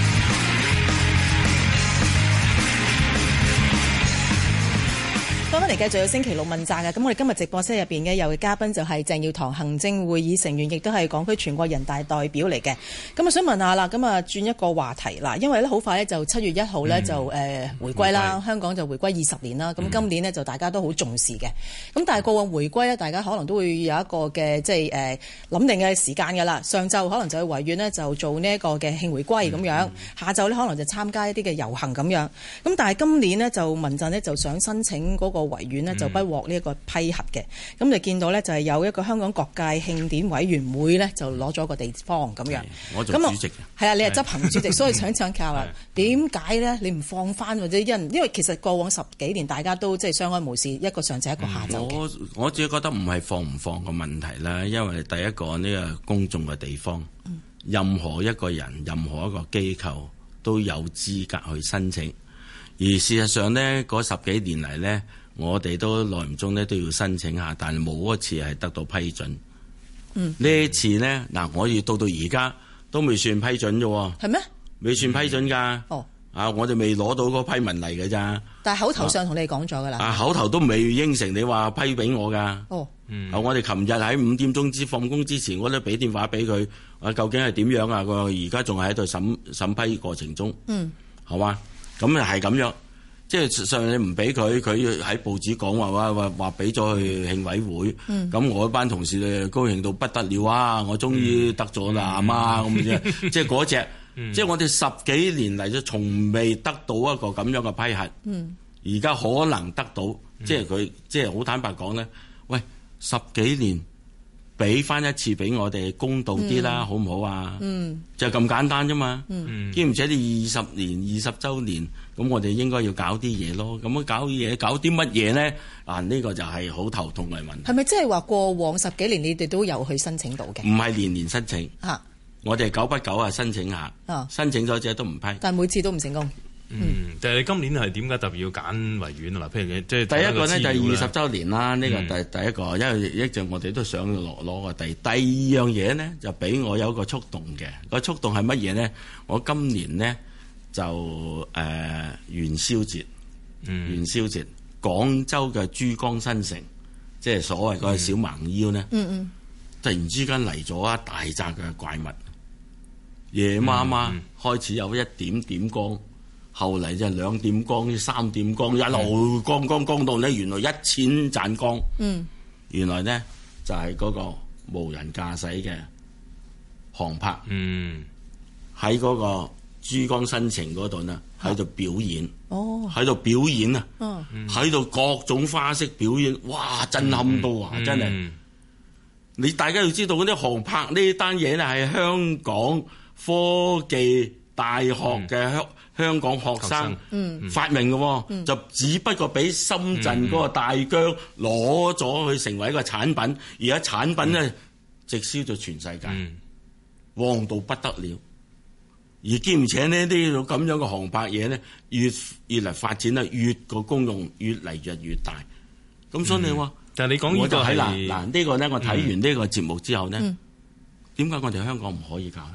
翻嚟繼續有星期六問責嘅，咁我哋今日直播室入邊嘅有位嘉賓就係鄭耀棠，行政會議成員，亦都係港區全國人大代表嚟嘅。咁啊，想問下啦，咁啊轉一個話題啦，因為咧好快呢，就七月一號呢，就誒回歸啦，嗯、香港就回歸二十年啦。咁、嗯、今年呢，就大家都好重視嘅。咁、嗯、但係過往回歸呢，大家可能都會有一個嘅即係誒諗定嘅時間㗎啦。上晝可能就去維園呢，就做呢一個嘅慶回歸咁樣，嗯嗯、下晝呢，可能就參加一啲嘅遊行咁樣。咁但係今年呢，就民陣呢，就想申請嗰、那個。維園呢就不獲呢一個批核嘅，咁就見到呢，就係有一個香港各界慶典委員會呢，就攞咗個地方咁樣。我做主席係啊那，你係執行主席，的所以請請教啊。點解呢？的你唔放翻或者因因為其實過往十幾年大家都即係相安無事，一個上晝一個下晝嘅。我我自己覺得唔係放唔放嘅問題啦，因為第一個呢個公眾嘅地方，任何一個人、任何一個機構都有資格去申請。而事實上呢，嗰十幾年嚟呢。我哋都耐唔中咧都要申請下，但係冇一次係得到批准。嗯，呢一次咧嗱，我亦到到而家都未算批准啫。係咩嗎？未算批准噶。嗯。哦，啊，我哋未攞到嗰批文嚟嘅咋。但係口頭上同你講咗噶啦。啊，口頭都未應承你話批俾我噶。哦，嗯。我哋琴日喺五點鐘之放工之前，我都俾電話俾佢，啊，究竟係點樣啊？佢而家仲係喺度審審批過程中。嗯。好嘛？嗯，咁又係咁樣。嗯即係實上你唔俾佢，佢喺報紙講話話話俾咗去慶委會。咁、嗯、我班同事咧高興到不得了啊！我終於得咗啦嘛咁樣，即係嗰隻，嗯、即係我哋十幾年嚟就從未得到一個咁樣嘅批核，而家、嗯、可能得到。嗯、即係佢，即係好坦白講咧，喂，十幾年。俾翻一次俾我哋公道啲啦，好唔好啊？嗯，好好，嗯就咁簡單啫嘛。嗯，兼且你二十年二十週年，咁我哋應該要搞啲嘢咯。咁樣搞啲嘢，搞啲乜嘢咧？啊，呢個就係好頭痛嘅問題。係咪即係話過往十幾年你哋都有去申請到嘅？唔係年年申請。嚇、啊！我哋久不久啊申請下。啊、申請咗之後都唔批。但係每次都唔成功。嗯，嗯就係你今年係點解特別要揀維園嗱？譬如你即係、就是、第一個咧，就係二十周年啦。呢、嗯、個第第一個，因為一陣我哋都想攞攞個地。第二樣嘢咧，就俾我有個觸動嘅。個觸動係乜嘢咧？我今年咧就誒、呃、元宵節，嗯、元宵節，廣州嘅珠江新城，即係所謂個小蠻腰咧、嗯，嗯嗯，突然之間嚟咗一大扎嘅怪物，夜媽媽、嗯嗯嗯、開始有一點點光。後嚟就兩點光、三點光，Okay. 一路光，光光光到咧。原來一千盞光，嗯、原來咧就係、是、嗰個無人駕駛嘅航拍，喺嗰、嗯、個珠江新城嗰度咧，喺度表演，喺度、啊、表演啊，喺度、哦、各種花式表演，哇！震撼到啊，真係！嗯嗯、你大家要知道嗰啲航拍呢單嘢咧，係香港科技大學嘅香港學生發明嘅，嗯、就只不過俾深圳嗰個大疆攞咗去成為一個產品，嗯、而家產品咧直銷咗全世界，嗯、旺到不得了。而兼且咧呢種咁樣嘅航拍嘢咧，越越嚟發展咧，越個功用越嚟越來越大。咁、嗯、所以你話，但係你講呢度喺嗱嗱呢個咧，我睇完呢個節目之後咧，點解、嗯、我哋香港唔可以搞咧？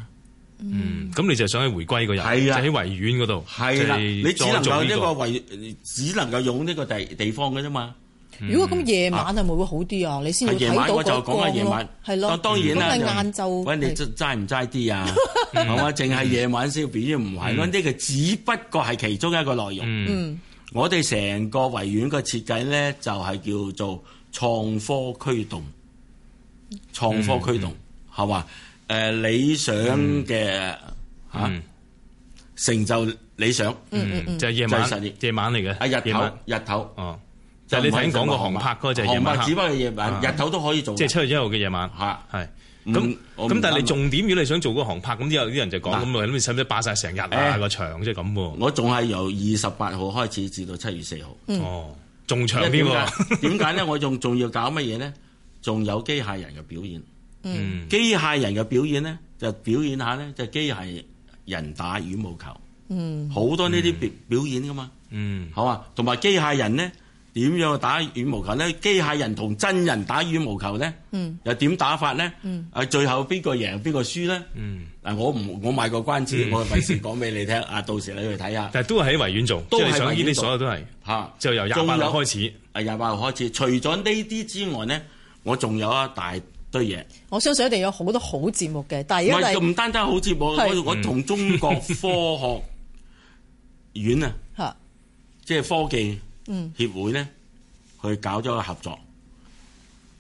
嗯，咁你就想喺回歸嗰日，就喺維園嗰度，係啦，你只能夠呢個維，只能夠用呢個地地方嘅啫嘛。如果咁夜晚係咪會好啲啊？你先。夜晚我就講下夜晚，係咯。當然啦，晏晝。喂，你齋唔齋啲啊？我話淨係夜晚先，畀啲唔係嘅，只不過係其中一個內容。嗯，我哋成個維園嘅設計咧，就係叫做創科驅動，創科驅動係嘛？誒，理想嘅吓成就理想，嗯就係夜晚，夜晚嚟嘅啊，日頭日頭哦，就係你頭先講個航拍嗰個就係夜晚，只不過夜晚日頭都可以做，即係七月一號嘅夜晚吓係。咁咁但係你重點，如果你想做嗰個航拍，咁之後啲人就講咁啊，使唔使霸晒成日啊個場即係咁喎？我仲係由二十八號開始至到七月四號哦，仲長啲喎？點解咧？我仲仲要搞乜嘢咧？仲有機械人嘅表演。嗯，機械人嘅表演咧，就表演下咧，就機械人打羽毛球，嗯，好多呢啲表表演噶嘛，嗯，好啊，同埋機械人咧點樣打羽毛球咧？機械人同真人打羽毛球咧，嗯，又點打法咧？嗯，啊，最後邊個贏邊個輸咧？嗯，嗱，我唔，我賣個關子，我咪先講俾你聽，啊，到時你去睇下。但係都係喺維園做，都係想呢啲，所有都係，吓，就由廿八號開始。誒，廿八號開始，除咗呢啲之外咧，我仲有一大。多嘢，我相信一定有好多好節目嘅，但係因為唔單單好節目，是我同中國科學院啊，嚇， [laughs] 即係科技協會呢去搞咗個合作。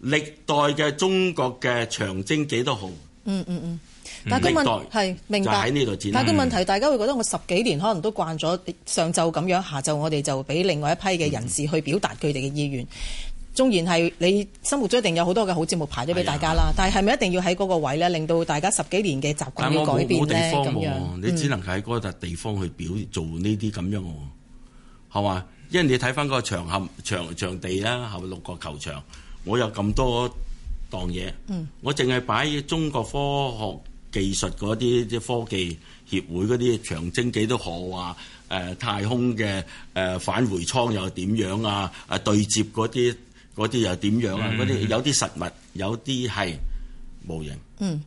歷代嘅中國嘅長征幾多號，嗯？嗯嗯嗯，但係佢問係明白，喺呢度但係佢問題，嗯、大家會覺得我十幾年可能都慣咗上晝咁樣，下晝我哋就俾另外一批嘅人士去表達佢哋嘅意願。縱然係你生活中一定有多好多嘅好節目排咗俾大家啦，啊、但係係咪一定要喺嗰個位咧，令到大家十幾年嘅習慣要改變咧？咁樣你只能喺嗰笪地方去表、嗯、做呢啲咁樣嘅，係嘛？因為你睇翻個場合場場地啦，係咪六個球場，我有咁多檔嘢，嗯、我淨係擺中國科學技術嗰啲即科技協會嗰啲長征幾多號啊？誒太空嘅誒返回艙又點樣啊？誒、啊、對接嗰啲。嗰啲又點樣啊？嗰啲、嗯、有啲實物，有啲係模型，嗯，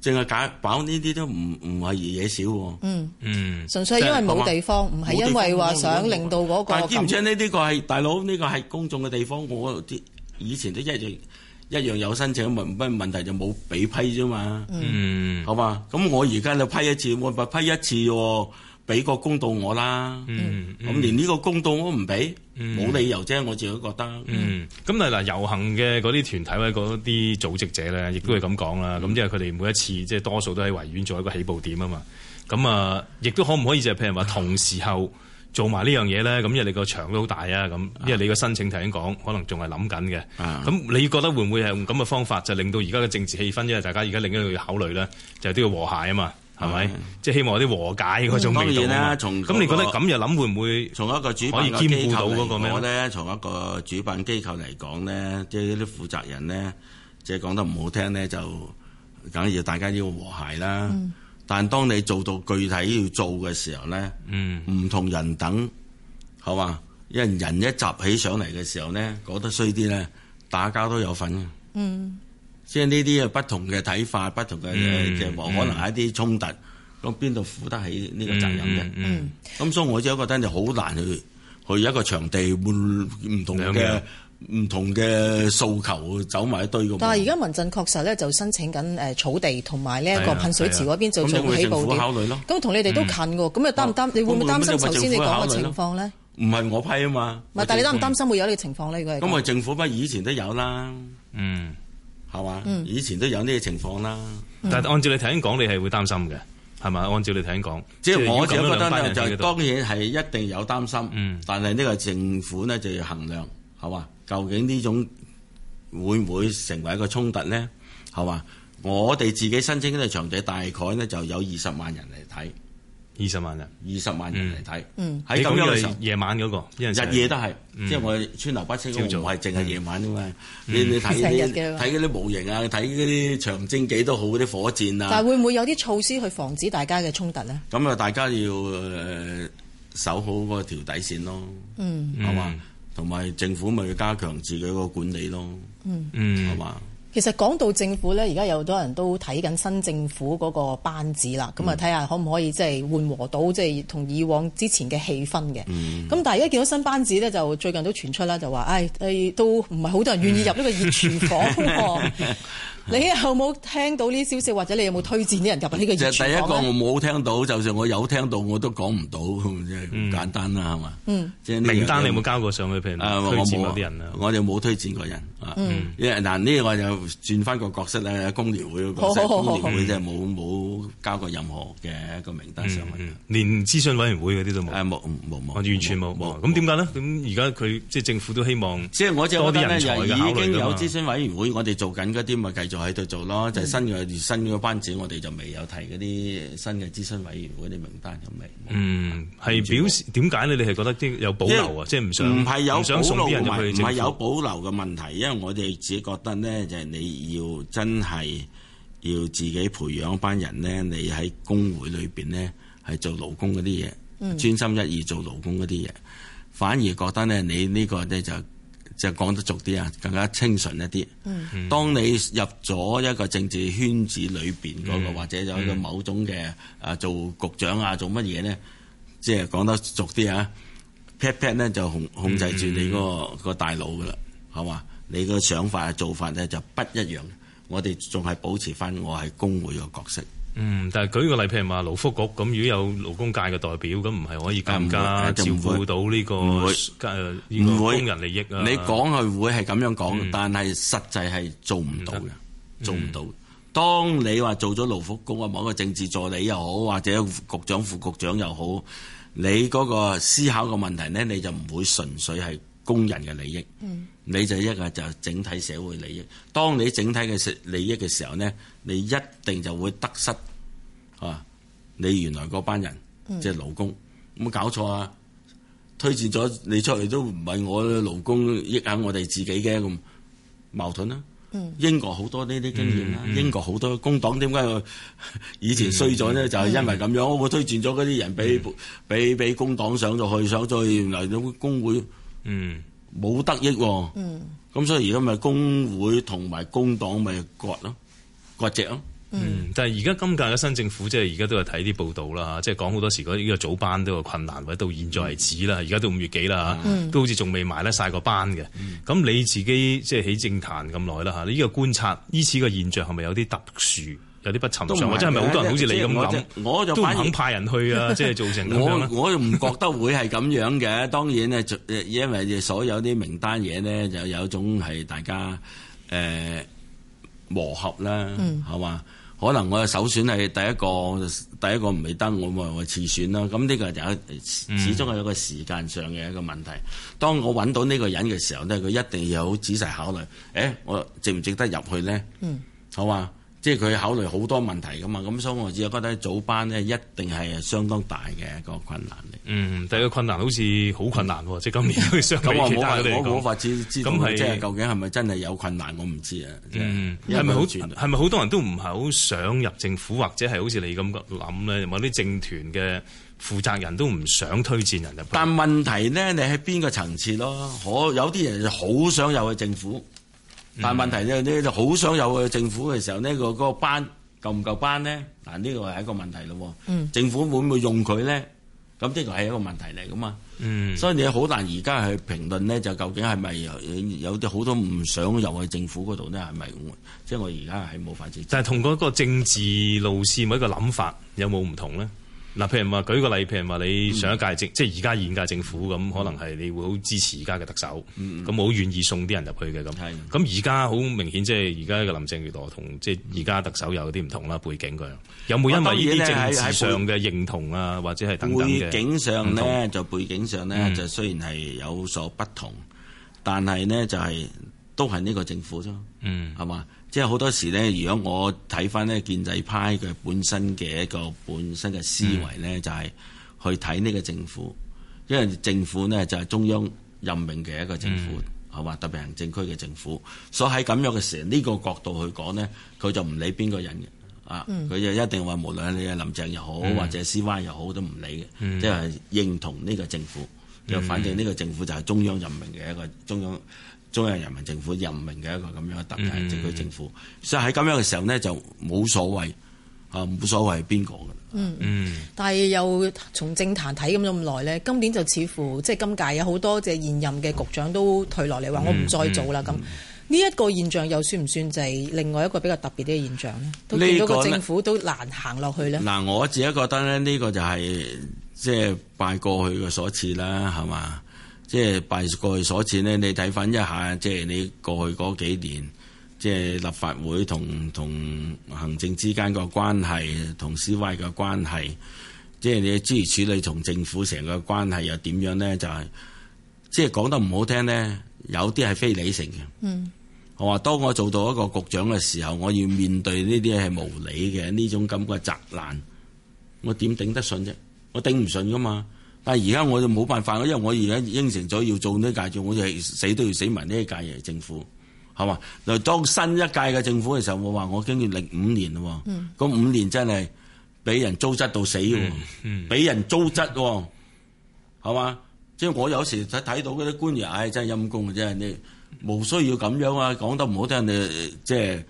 淨係解擺呢啲都唔唔係嘢少喎，嗯嗯，純粹係因為冇地方，唔係、就係、因為話想令到嗰個。但係知唔知呢？呢、呢個係大佬，呢、呢個係公眾嘅地方，我啲以前都一樣一樣有申請問，不問題就冇俾批啫嘛，嗯，嗯好嘛，咁我而家就批一次，我唔係批一次喎。俾個公道我啦，咁連呢個公道我都唔俾，冇理由啫。我自己覺得，但係遊行嘅嗰啲團體或者嗰啲組織者咧，亦都係咁講啦。咁因為佢哋每一次即係多數都喺維園做一個起步點啊嘛。咁啊，亦都可唔可以就係譬如話同時候做埋呢樣嘢咧？咁因為你個場都好大啊，咁因為你個申請頭先講，可能仲係諗緊嘅。咁你覺得會唔會係咁嘅方法就令到而家嘅政治氣氛，因為大家而家另一個要考慮咧，就係都要和諧啊嘛。係咪？嗯、即係希望有啲和解嗰種味道、嗯、當然啦，從咁、嗰個、你覺得咁又諗會唔會？從一個主辦機構可以兼顧到嗰個咩咧？從一個主辦機構嚟講咧，即係啲負責人咧，即係講得唔好聽咧，就梗係要大家要和諧啦。嗯、但係當你做到具體要做嘅時候咧，唔、嗯、同人等，好嘛？因為人一集起上嚟嘅時候咧，覺得衰啲咧，打交都有份嘅、啊。嗯。即係呢啲啊，不同嘅睇法，不同嘅嘅和，可能係一啲衝突。咁邊度負得起呢個責任嘅？嗯，咁所以我只係覺得就好難去去一個場地換唔同嘅唔同嘅訴求走埋一堆咁。但係而家民陣確實咧就申請緊誒草地同埋呢一個噴水池嗰邊就做起步咁會政府考慮咯？咁同你哋都近嘅喎，咁啊擔唔擔？你會唔會擔心頭先你講嘅情況咧？唔係我批啊嘛。唔但係你擔唔擔心會有呢個情況呢？如果咁，咪政府批以前都有啦。嗯。係嘛？以前都有呢個情況啦。嗯、但係按照你頭先講，你係會擔心嘅，係嘛？按照你頭先講，即係我自己覺得就當然係一定有擔心。嗯。但係呢個政府咧就要衡量，係嘛？究竟呢種會唔會成為一個衝突咧？係嘛？我哋自己申請呢個場地，大概咧就有二十萬人嚟睇。二十萬人，二十萬人嚟睇，喺咁又夜晚嗰個日夜都係，即係我哋川流不息，我唔係淨係夜晚啫嘛。你你睇睇嗰啲模型啊，睇嗰啲長征幾多好嗰啲火箭啊。但係會唔會有啲措施去防止大家嘅衝突咧？咁啊，大家要守好嗰條底線咯，係嘛？同埋政府咪要加強自己個管理咯，嗯，係嘛？其實講到政府咧，而家有好多人都睇緊新政府嗰個班子啦，咁啊睇下可唔可以即係緩和到即係同以往之前嘅氣氛嘅。咁、嗯、但係而家見到新班子咧，就最近都傳出啦，就話唉，都唔係好多人願意入呢個熱廚房。嗯、你有冇聽到呢消息？或者你有冇推薦啲人入呢個熱廚房？其實第一個我冇聽到，就算我有聽到我都講唔到，咁即係簡單啦，係嘛、嗯？嗯、即係、呢個、名單你有冇交過上去？譬如推薦嗰啲人啊，我哋冇推薦過人。嗯，因為嗱呢個我就轉翻個角色咧，工聯會個角色，工聯會就冇冇交過任何嘅一個名單上去，連諮詢委員會嗰啲都冇。誒冇冇冇，完全冇冇。咁點解咧？咁而家佢即係政府都希望即係我只我咧，就已經有諮詢委員會，我哋做緊嗰啲咪繼續喺度做咯，就係新嘅新嘅班子，我哋就未有提嗰啲新嘅諮詢委員會啲名單。咁樣，嗯，係表示點解你哋係覺得即有保留啊？即係唔想送啲人入去，唔係有保留嘅問題，因為。我哋自己覺得咧，就係、是、你要真係要自己培養班人咧。你喺工會裏邊咧，係做勞工嗰啲嘢，嗯、專心一意做勞工嗰啲嘢，反而覺得咧，你呢個咧就就是、講得俗啲啊，更加清純一啲。嗯，當你入咗一個政治圈子裏邊嗰個，嗯、或者有一個某種嘅、嗯、啊，做局長啊，做乜嘢咧？即、就、係、是、講得俗啲啊，pat pat 咧就控控制住你嗰、那個大腦噶啦，係嘛？你個想法嘅做法咧就不一樣。我哋仲係保持返我係工會嘅角色。嗯，但係舉個例，譬如話勞福局咁，如果有勞工界嘅代表，咁唔係可以更加照顧到呢、呢個工人利益啊？你講係會係咁樣講，嗯、但係實際係做唔到嘅，嗯、做唔到。當你話做咗勞福局，啊，某個政治助理又好，或者局長、副局長又好，你嗰個思考嘅問題呢，你就唔會純粹係。工人嘅利益，嗯、你就一個就整體社會利益。當你整體嘅利益嘅時候咧，你一定就會得失啊！你原來嗰班人即係勞工，有冇搞錯啊？推薦咗你出嚟都唔係我勞工益下我哋自己嘅咁矛盾啦、啊。嗯、英國好多呢啲經驗啊，嗯、英國好多工黨點解以前衰咗咧？嗯、就係因為咁樣，我會、嗯嗯、推薦咗嗰啲人俾俾俾工黨上咗去，上咗去原來啲工會。工會嗯，冇得益喎、哦，咁、嗯、所以而家咪工會同埋工黨咪割咯、啊，割席咯、啊。嗯，但係而家今屆嘅新政府，即係而家都係睇啲報道啦，即係講好多時呢、這個組班都有困難，或者到現在為止啦，而家都五月幾啦，吓、嗯，都好似仲未埋咧晒個班嘅。咁、嗯、你自己即係喺政壇咁耐啦，吓，呢個觀察呢次嘅現象係咪有啲特殊？有啲不尋常，我真係咪好多人好似你咁？我都唔肯派人去啊！即係造成咁樣。我我又唔覺得會係咁樣嘅。 [laughs] 當然誒，因為所有啲名單嘢咧，就有一種係大家誒、呃、磨合啦，係嘛、嗯？可能我嘅首選係第一個，第一個唔係得，我咪我次選啦。咁呢個就始終係一個時間上嘅一個問題。嗯、當我揾到呢個人嘅時候咧，佢一定要好仔細考慮，誒、欸，我值唔值得入去咧？嗯、好嘛？即係佢考慮好多問題噶嘛，咁所以我只係覺得組班咧一定係相當大嘅一個困難嚟。嗯，第一個困難好似好困難喎，嗯、即係今年都相比其他嚟講，咁我冇說法知，咁係是即係究竟係咪真係有困難？我唔知啊。嗯，係咪好？係咪好多人都唔係好想入政府，或者係好似你咁諗咧？某啲政團嘅負責人都唔想推薦人入。但問題呢，你喺邊個層次咯？我有啲人好想入去政府。但問題呢，呢就好想有去政府嘅時候呢、嗰個嗰班夠唔夠班呢？嗱，呢個係一個問題咯。嗯、政府會唔會用佢呢？咁呢個係一個問題嚟㗎嘛。嗯、所以你好難而家去評論呢，就究竟係咪有啲好多唔想入去政府嗰度呢？係咪即係我而家係冇法子。但係同嗰個政治路線某一個諗法有冇唔同呢？嗱，譬如話舉個例，譬如話你上一屆、嗯、即係而家現屆政府咁，嗯、可能係你會好支持而家嘅特首，咁好、嗯、願意送啲人入去嘅咁。咁而家好明顯，即係而家嘅林鄭月娥同即係而家特首有啲唔同啦，背景佢有冇因為呢啲政治上嘅認同啊，或者係等等？背景上咧，就背景上咧，就雖然係有所不同，嗯、但係咧就係、是、都係呢個政府啫。嗯，係嘛。即係好多時咧，如果我睇翻咧建制派佢本身嘅一個本身嘅思維咧，嗯、就係去睇呢個政府，因為政府咧就係中央任命嘅一個政府，係嘛、嗯？特別行政區嘅政府，所以喺咁樣嘅時候，呢、呢個角度去講咧，佢就唔理邊個人嘅，嗯、啊，佢就一定話無論你係林鄭又好、嗯、或者 C Y 又好都唔理嘅，即係、嗯、認同呢個政府，就、嗯嗯、反正呢個政府就係中央任命嘅一個中央。中央人民政府任命嘅一個咁樣嘅特區嘅政，政府，嗯、所以喺咁樣嘅時候呢，就冇所謂啊，冇所謂係邊個嘅。嗯嗯，嗯但係又從政壇睇咁咁耐呢，今年就似乎即係、就是、今屆有好多即係現任嘅局長都退落嚟話我唔再做啦咁。呢一、嗯嗯嗯、個現象又算唔算就係另外一個比較特別啲嘅現象咧？到個呢個政府都難行落去呢？嗱，我自己覺得咧，呢個就係即係拜過去嘅所賜啦，係嘛？即係拜過去所賜咧，你睇翻一下，即係你過去嗰幾年，即係立法會同同行政之間個關係，同司威嘅關係，即係你諸如處理同政府成個關係又點樣咧？就係、是、即係講得唔好聽咧，有啲係非理性嘅。嗯，我話當我做到一個局長嘅時候，我要面對呢啲係無理嘅呢種噉嘅責難，我點頂得順啫？我頂唔順噶嘛？但係而家我就冇辦法，因為我而家應承咗要做呢屆，做我就死都要死埋呢一屆嘅政府，係嘛？就當新一屆嘅政府嘅時候，我話我經已零五年咯，嗰五、嗯、年真係俾人糟質到死，俾、嗯嗯、人糟質，係嘛？即係我有時睇睇到嗰啲官員，唉、哎，真係陰公嘅啫，你無需要咁樣啊，講得唔好聽，你即係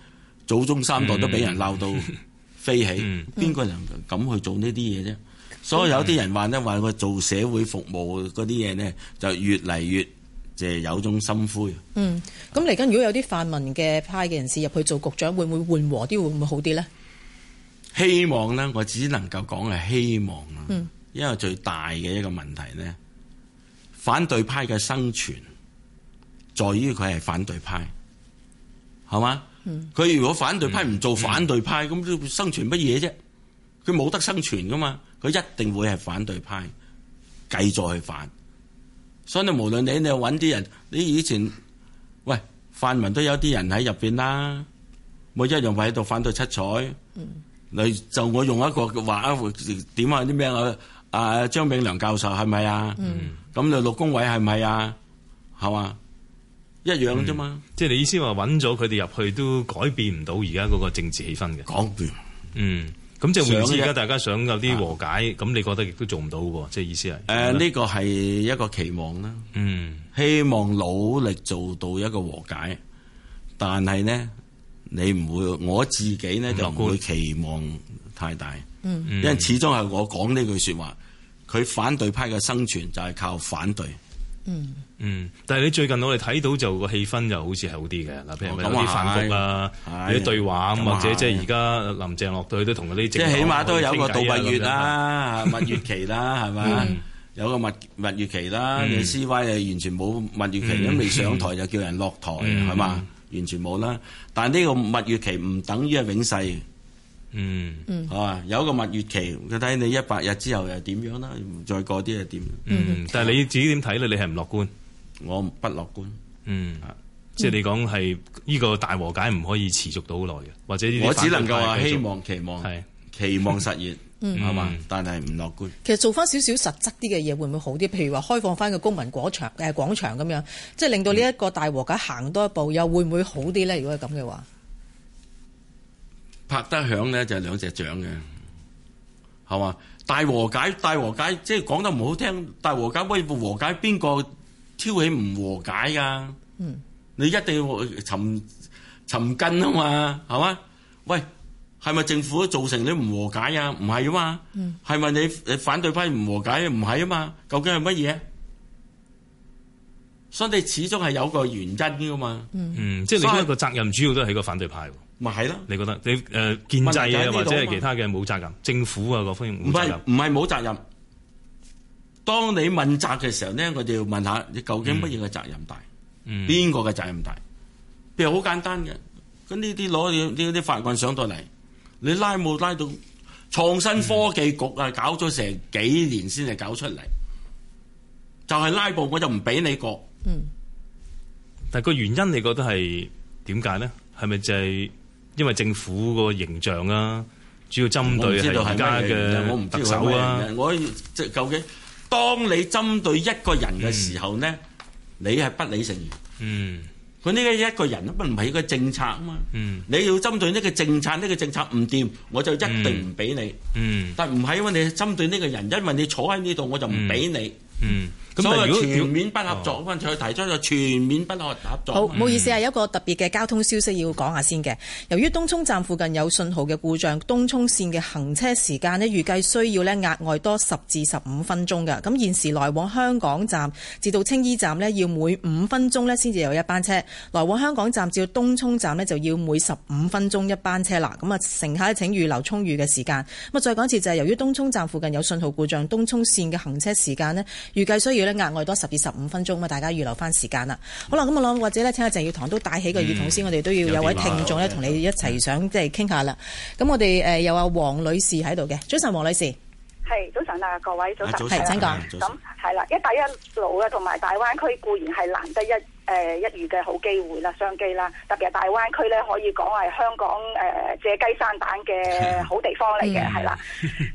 祖宗三代都俾人鬧到飛起，邊個人敢去做呢啲嘢啫？嗯、所以有啲人話咧，話佢、嗯、做社會服務嗰啲嘢咧，就越嚟越即係有種心灰。嗯，咁嚟緊如果有啲泛民嘅派嘅人士入去做局長，會唔會緩和啲？會唔會好啲咧？希望咧，我只能夠講係希望啦。嗯、因為最大嘅一個問題咧，反對派嘅生存在於佢係反對派，係嘛？佢、嗯、如果反對派唔做反對派，咁、嗯嗯、生存乜嘢啫？佢冇得生存噶嘛？佢一定會係反對派，繼續去反，所以你無論你你揾啲人，你以前喂泛民都有啲人喺入邊啦，每一樣位喺度反對七彩，你、嗯、就我用一個話啊點下啲咩啊？啊張炳良教授係咪啊？咁、嗯、你陸恭蕙係咪啊？係嘛，一樣啫嘛，嗯，即係你意思話揾咗佢哋入去都改變唔到而家嗰個政治氣氛嘅，講完，嗯。咁即係意思，而家大家想有啲和解，咁你覺得亦都做唔到喎？即係意思係。誒，呢個係一個期望啦。嗯，希望努力做到一個和解，但係咧，你唔會，我自己咧就唔會期望太大。嗯嗯，因為始終係我講呢句說話，佢反對派嘅生存就係靠反對。嗯嗯，但係你最近我哋睇到就個氣氛又好似係好啲嘅。嗱，譬如講啲飯局啊，啲對話，或者即係而家林鄭落去都同佢呢政，即係起碼都有個度蜜月啦，蜜月期啦，係咪？有個蜜蜜月期啦，你 C Y 係完全冇蜜月期，都未上台就叫人落台，係嘛，完全冇啦。但係呢個蜜月期唔等於係永世。嗯，係嘛、mm. 啊，有一個蜜月期，佢睇你一百日之後又點樣啦，再過啲又點樣？Mm. 嗯，但係你自己點睇咧？你係唔樂觀？我不樂觀。嗯，即係你講係呢個大和解唔可以持續到好耐嘅，或者我只能夠話希望，做希望期望係是期望實現，mm. 嗯，係嘛，但係唔樂觀。其實做翻少少實質啲嘅嘢會唔會好啲？譬如話開放翻個公民廣場誒廣、呃、場咁樣，即係令到呢一個大和解行多一步，又會唔會好啲咧？如果係咁嘅話？拍得響咧就係兩隻掌嘅，係嘛？大和解、大和解，即係講得唔好聽，大和解威喂，和解邊個挑起唔和解噶、啊？嗯、你一定要尋尋根啊嘛，係嘛？喂，係咪政府造成你唔和解啊？唔係啊嘛？係咪、嗯、你，你反對派唔和解？唔係啊嘛？究竟係乜嘢？所以你始終係有個原因噶嘛？嗯，以嗯即係你一個責任主要都係喺個反對派。咪係咯，你覺得你誒、呃、建制啊，或者係其他嘅冇責任？嘛政府啊，嗰、那個、方面冇責任？唔係唔係冇責任。當你問責嘅時候咧，我就要問下你究竟乜嘢嘅責任大？嗯，邊個嘅責任大？譬如好簡單嘅，咁呢啲攞呢啲法案上到嚟，你拉冇拉到創新科技局啊，搞咗成幾年先至搞出嚟，嗯、就係拉布，我就唔俾你過。嗯。但個原因你覺得係點解咧？係咪就係、是？因為政府個形象啊，主要針對係而家嘅特首啊，我即係究竟當你針對一個人嘅時候咧，嗯、你係不理成員。嗯，佢呢個一個人，不唔係一個政策啊嘛。嗯，你要針對呢個政策，呢、嗯、個政策唔掂，這個，我就一定唔俾你嗯。嗯，但唔係因為你針對呢個人，因為你坐喺呢度，我就唔俾你嗯。嗯。咁所以全面不合作嗰問題，提出咗全面不合作。合作好，唔好意思啊，有一個特別嘅交通消息要講下先嘅。由於東涌站附近有信號嘅故障，東涌綫嘅行車時間咧預計需要咧額外多十至十五分鐘嘅。咁現時來往香港站至到青衣站咧，要每五分鐘咧先至有一班車來往香港站至到東涌站咧，就要每十五分鐘一班車啦。咁啊，乘客請預留充裕嘅時間。咁啊，再講一次就係由於東涌站附近有信號故障，東涌綫嘅行車時間咧預計需要。咧額外多十至十五分鐘，啊，大家預留翻時間啦。好啦，咁我諗或者咧，請阿鄭耀棠都帶起個耳筒先，嗯、我哋都要有位聽眾咧同你一齊想即係傾下啦。咁、嗯、我哋誒又阿黃女士喺度嘅，早晨黃女士，係早晨啊各位，早晨，請講。咁係啦，一帶一路嘅，同埋大灣區固然係難得一。誒、呃，一遇嘅好機會啦，商機啦，特別係大灣區咧，可以講係香港誒、呃、借雞生蛋嘅好地方嚟嘅，係啦。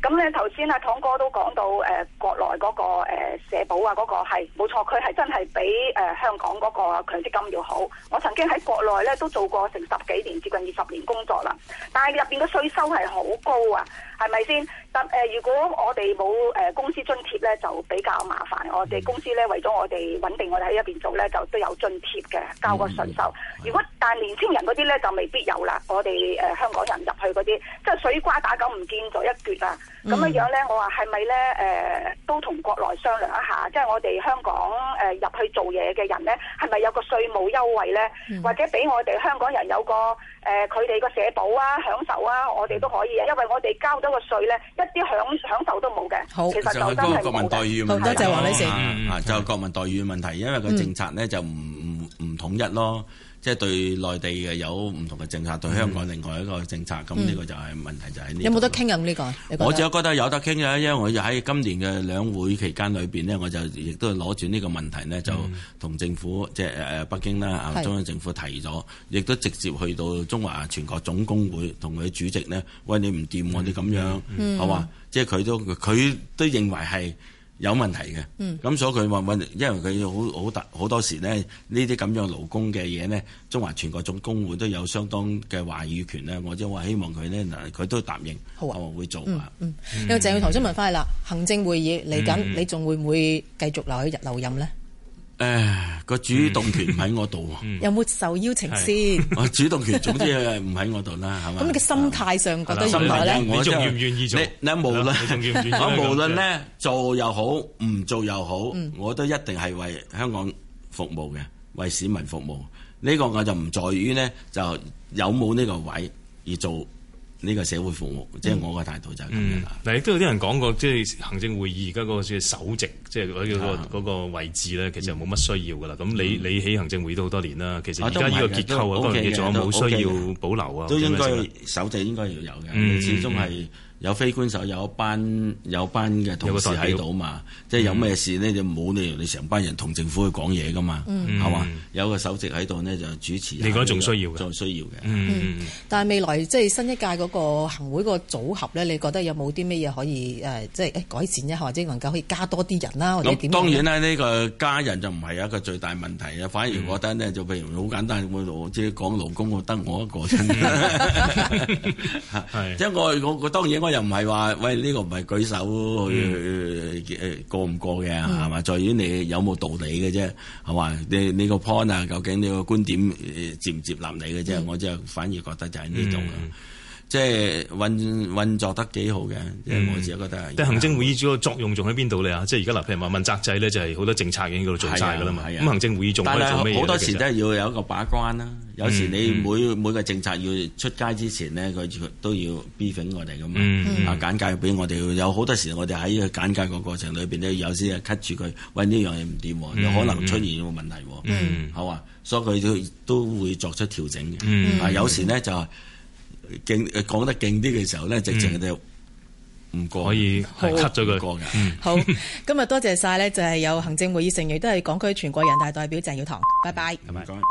咁咧頭先阿棠哥都講到誒、呃、國內嗰、那個、呃、社保啊，嗰、那個係冇錯，佢係真係比誒、呃、香港嗰個強積金要好。我曾經喺國內咧都做過成十幾年，接近二十年工作啦，但係入邊嘅稅收係好高啊，係咪先？但、呃、誒，如果我哋冇誒公司津貼咧，就比較麻煩。我哋公司咧為咗我哋穩定，我哋喺入邊做咧，就都有。津貼嘅交個稅收，如果但係年青人嗰啲咧就未必有啦。我哋誒、呃、香港人入去嗰啲，即係水瓜打狗唔見咗一橛啊！咁嘅、嗯、樣咧，我話係咪咧誒都同國內商量一下，即係我哋香港誒入、呃、去做嘢嘅人咧，係咪有個稅務優惠咧？嗯、或者俾我哋香港人有個誒佢哋個社保啊享受啊，我哋都可以，啊，因為我哋交咗個稅咧一啲享享受都冇嘅。好，其實就係嗰個國民待遇問題啊！就國民待遇嘅問題，因為個政策咧就唔。統一咯，即、就、係、是、對內地嘅有唔同嘅政策，對香港另外一個政策，咁呢、嗯、個就係問題就喺呢個。有冇、嗯嗯、得傾咁呢個？我只有覺得有得傾嘅，因為我就喺今年嘅兩會期間裏邊呢我就亦都攞住呢個問題呢就同政府、嗯、即係誒北京啦、中央政府提咗，亦是都直接去到中華全國總工會同佢主席呢：「喂你唔掂我哋咁樣，好嘛？」即係佢都佢都認為係，有問題嘅，咁所以佢問問，因為佢好好大好多時咧，呢啲咁樣勞工嘅嘢咧，中華全國總工會都有相當嘅話語權咧。我即係話希望佢咧嗱，佢都答應，好啊、我會做啊、嗯。嗯，又鄭耀棠想問翻啦，嗯、行政會議嚟緊，嗯、你仲會唔會繼續留喺日留任咧？誒，個主動權唔喺我度， [laughs] 有冇受邀請先？是 [laughs] 我主動權總之佢唔喺我度啦，係嘛？咁 [laughs] 你嘅心態上覺得 [laughs] 吧心態上如何咧？你仲願唔願意做？ [laughs] 你你無論我無論咧做又好，唔做又好， [laughs] 我都一定係為香港服務嘅，為市民服務。呢、這個我就唔在於呢，就有冇呢個位而做。呢個社會服務，即係我個態度就係咁樣啦。但，亦都有啲人講過，即係行政會議而家嗰個首席，即係嗰個位置咧，其實冇乜需要噶啦。咁你你喺行政會議都好多年啦，其實而家呢個結構啊，嗰個做仲有冇需要保留啊？都應該首席應該要有嘅，始終係。有非官守有一班有班嘅同事喺度嘛，即係有咩事咧就唔好你你成班人同政府去講嘢噶嘛，係嘛？有個首席喺度咧就主持。你覺得仲需要嘅？仲需要嘅。嗯，但係未來即係新一屆嗰個行會個組合咧，你覺得有冇啲咩嘢可以誒即係誒改善一下，或者能夠可以加多啲人啦，或者點？當然啦，呢個加人就唔係一個最大問題啊，反而我覺得咧，就譬如好簡單，即係講勞工，我得我一個啫。係，因為我我當然又唔係話喂呢、這個唔係舉手去誒、嗯呃、過唔過嘅，係嘛、嗯？在於你有冇道理嘅啫，係嘛？你你個 point 啊，究竟你個觀點、呃、接唔接納你嘅啫？嗯、我就反而覺得就係呢度呢種。嗯即係運運作得幾好嘅，即係我自己覺得。但行政會議主要作用仲喺邊度嚟啊？即係而家嗱，譬如話問責制咧，就係好多政策喺嗰度做晒噶啦嘛。咁行政會議仲，但好多時都係要有一個把關啦。有時你每每個政策要出街之前呢，佢都要 briefing 我哋噶嘛，啊簡介俾我哋。有好多時我哋喺呢個簡介個過程裏邊呢，有啲啊 cut 住佢，喂呢樣嘢唔掂，有可能出現個問題喎。好啊，所以佢都都會作出調整嘅。有時呢，就。勁講得勁啲嘅時候咧，嗯、直情就唔過，可以 cut 咗佢過噶。好，今日多謝晒咧，就係、是、有行政會議成員，都係港區全國人大代表鄭耀棠。嗯、拜拜。係咪拜拜？謝謝。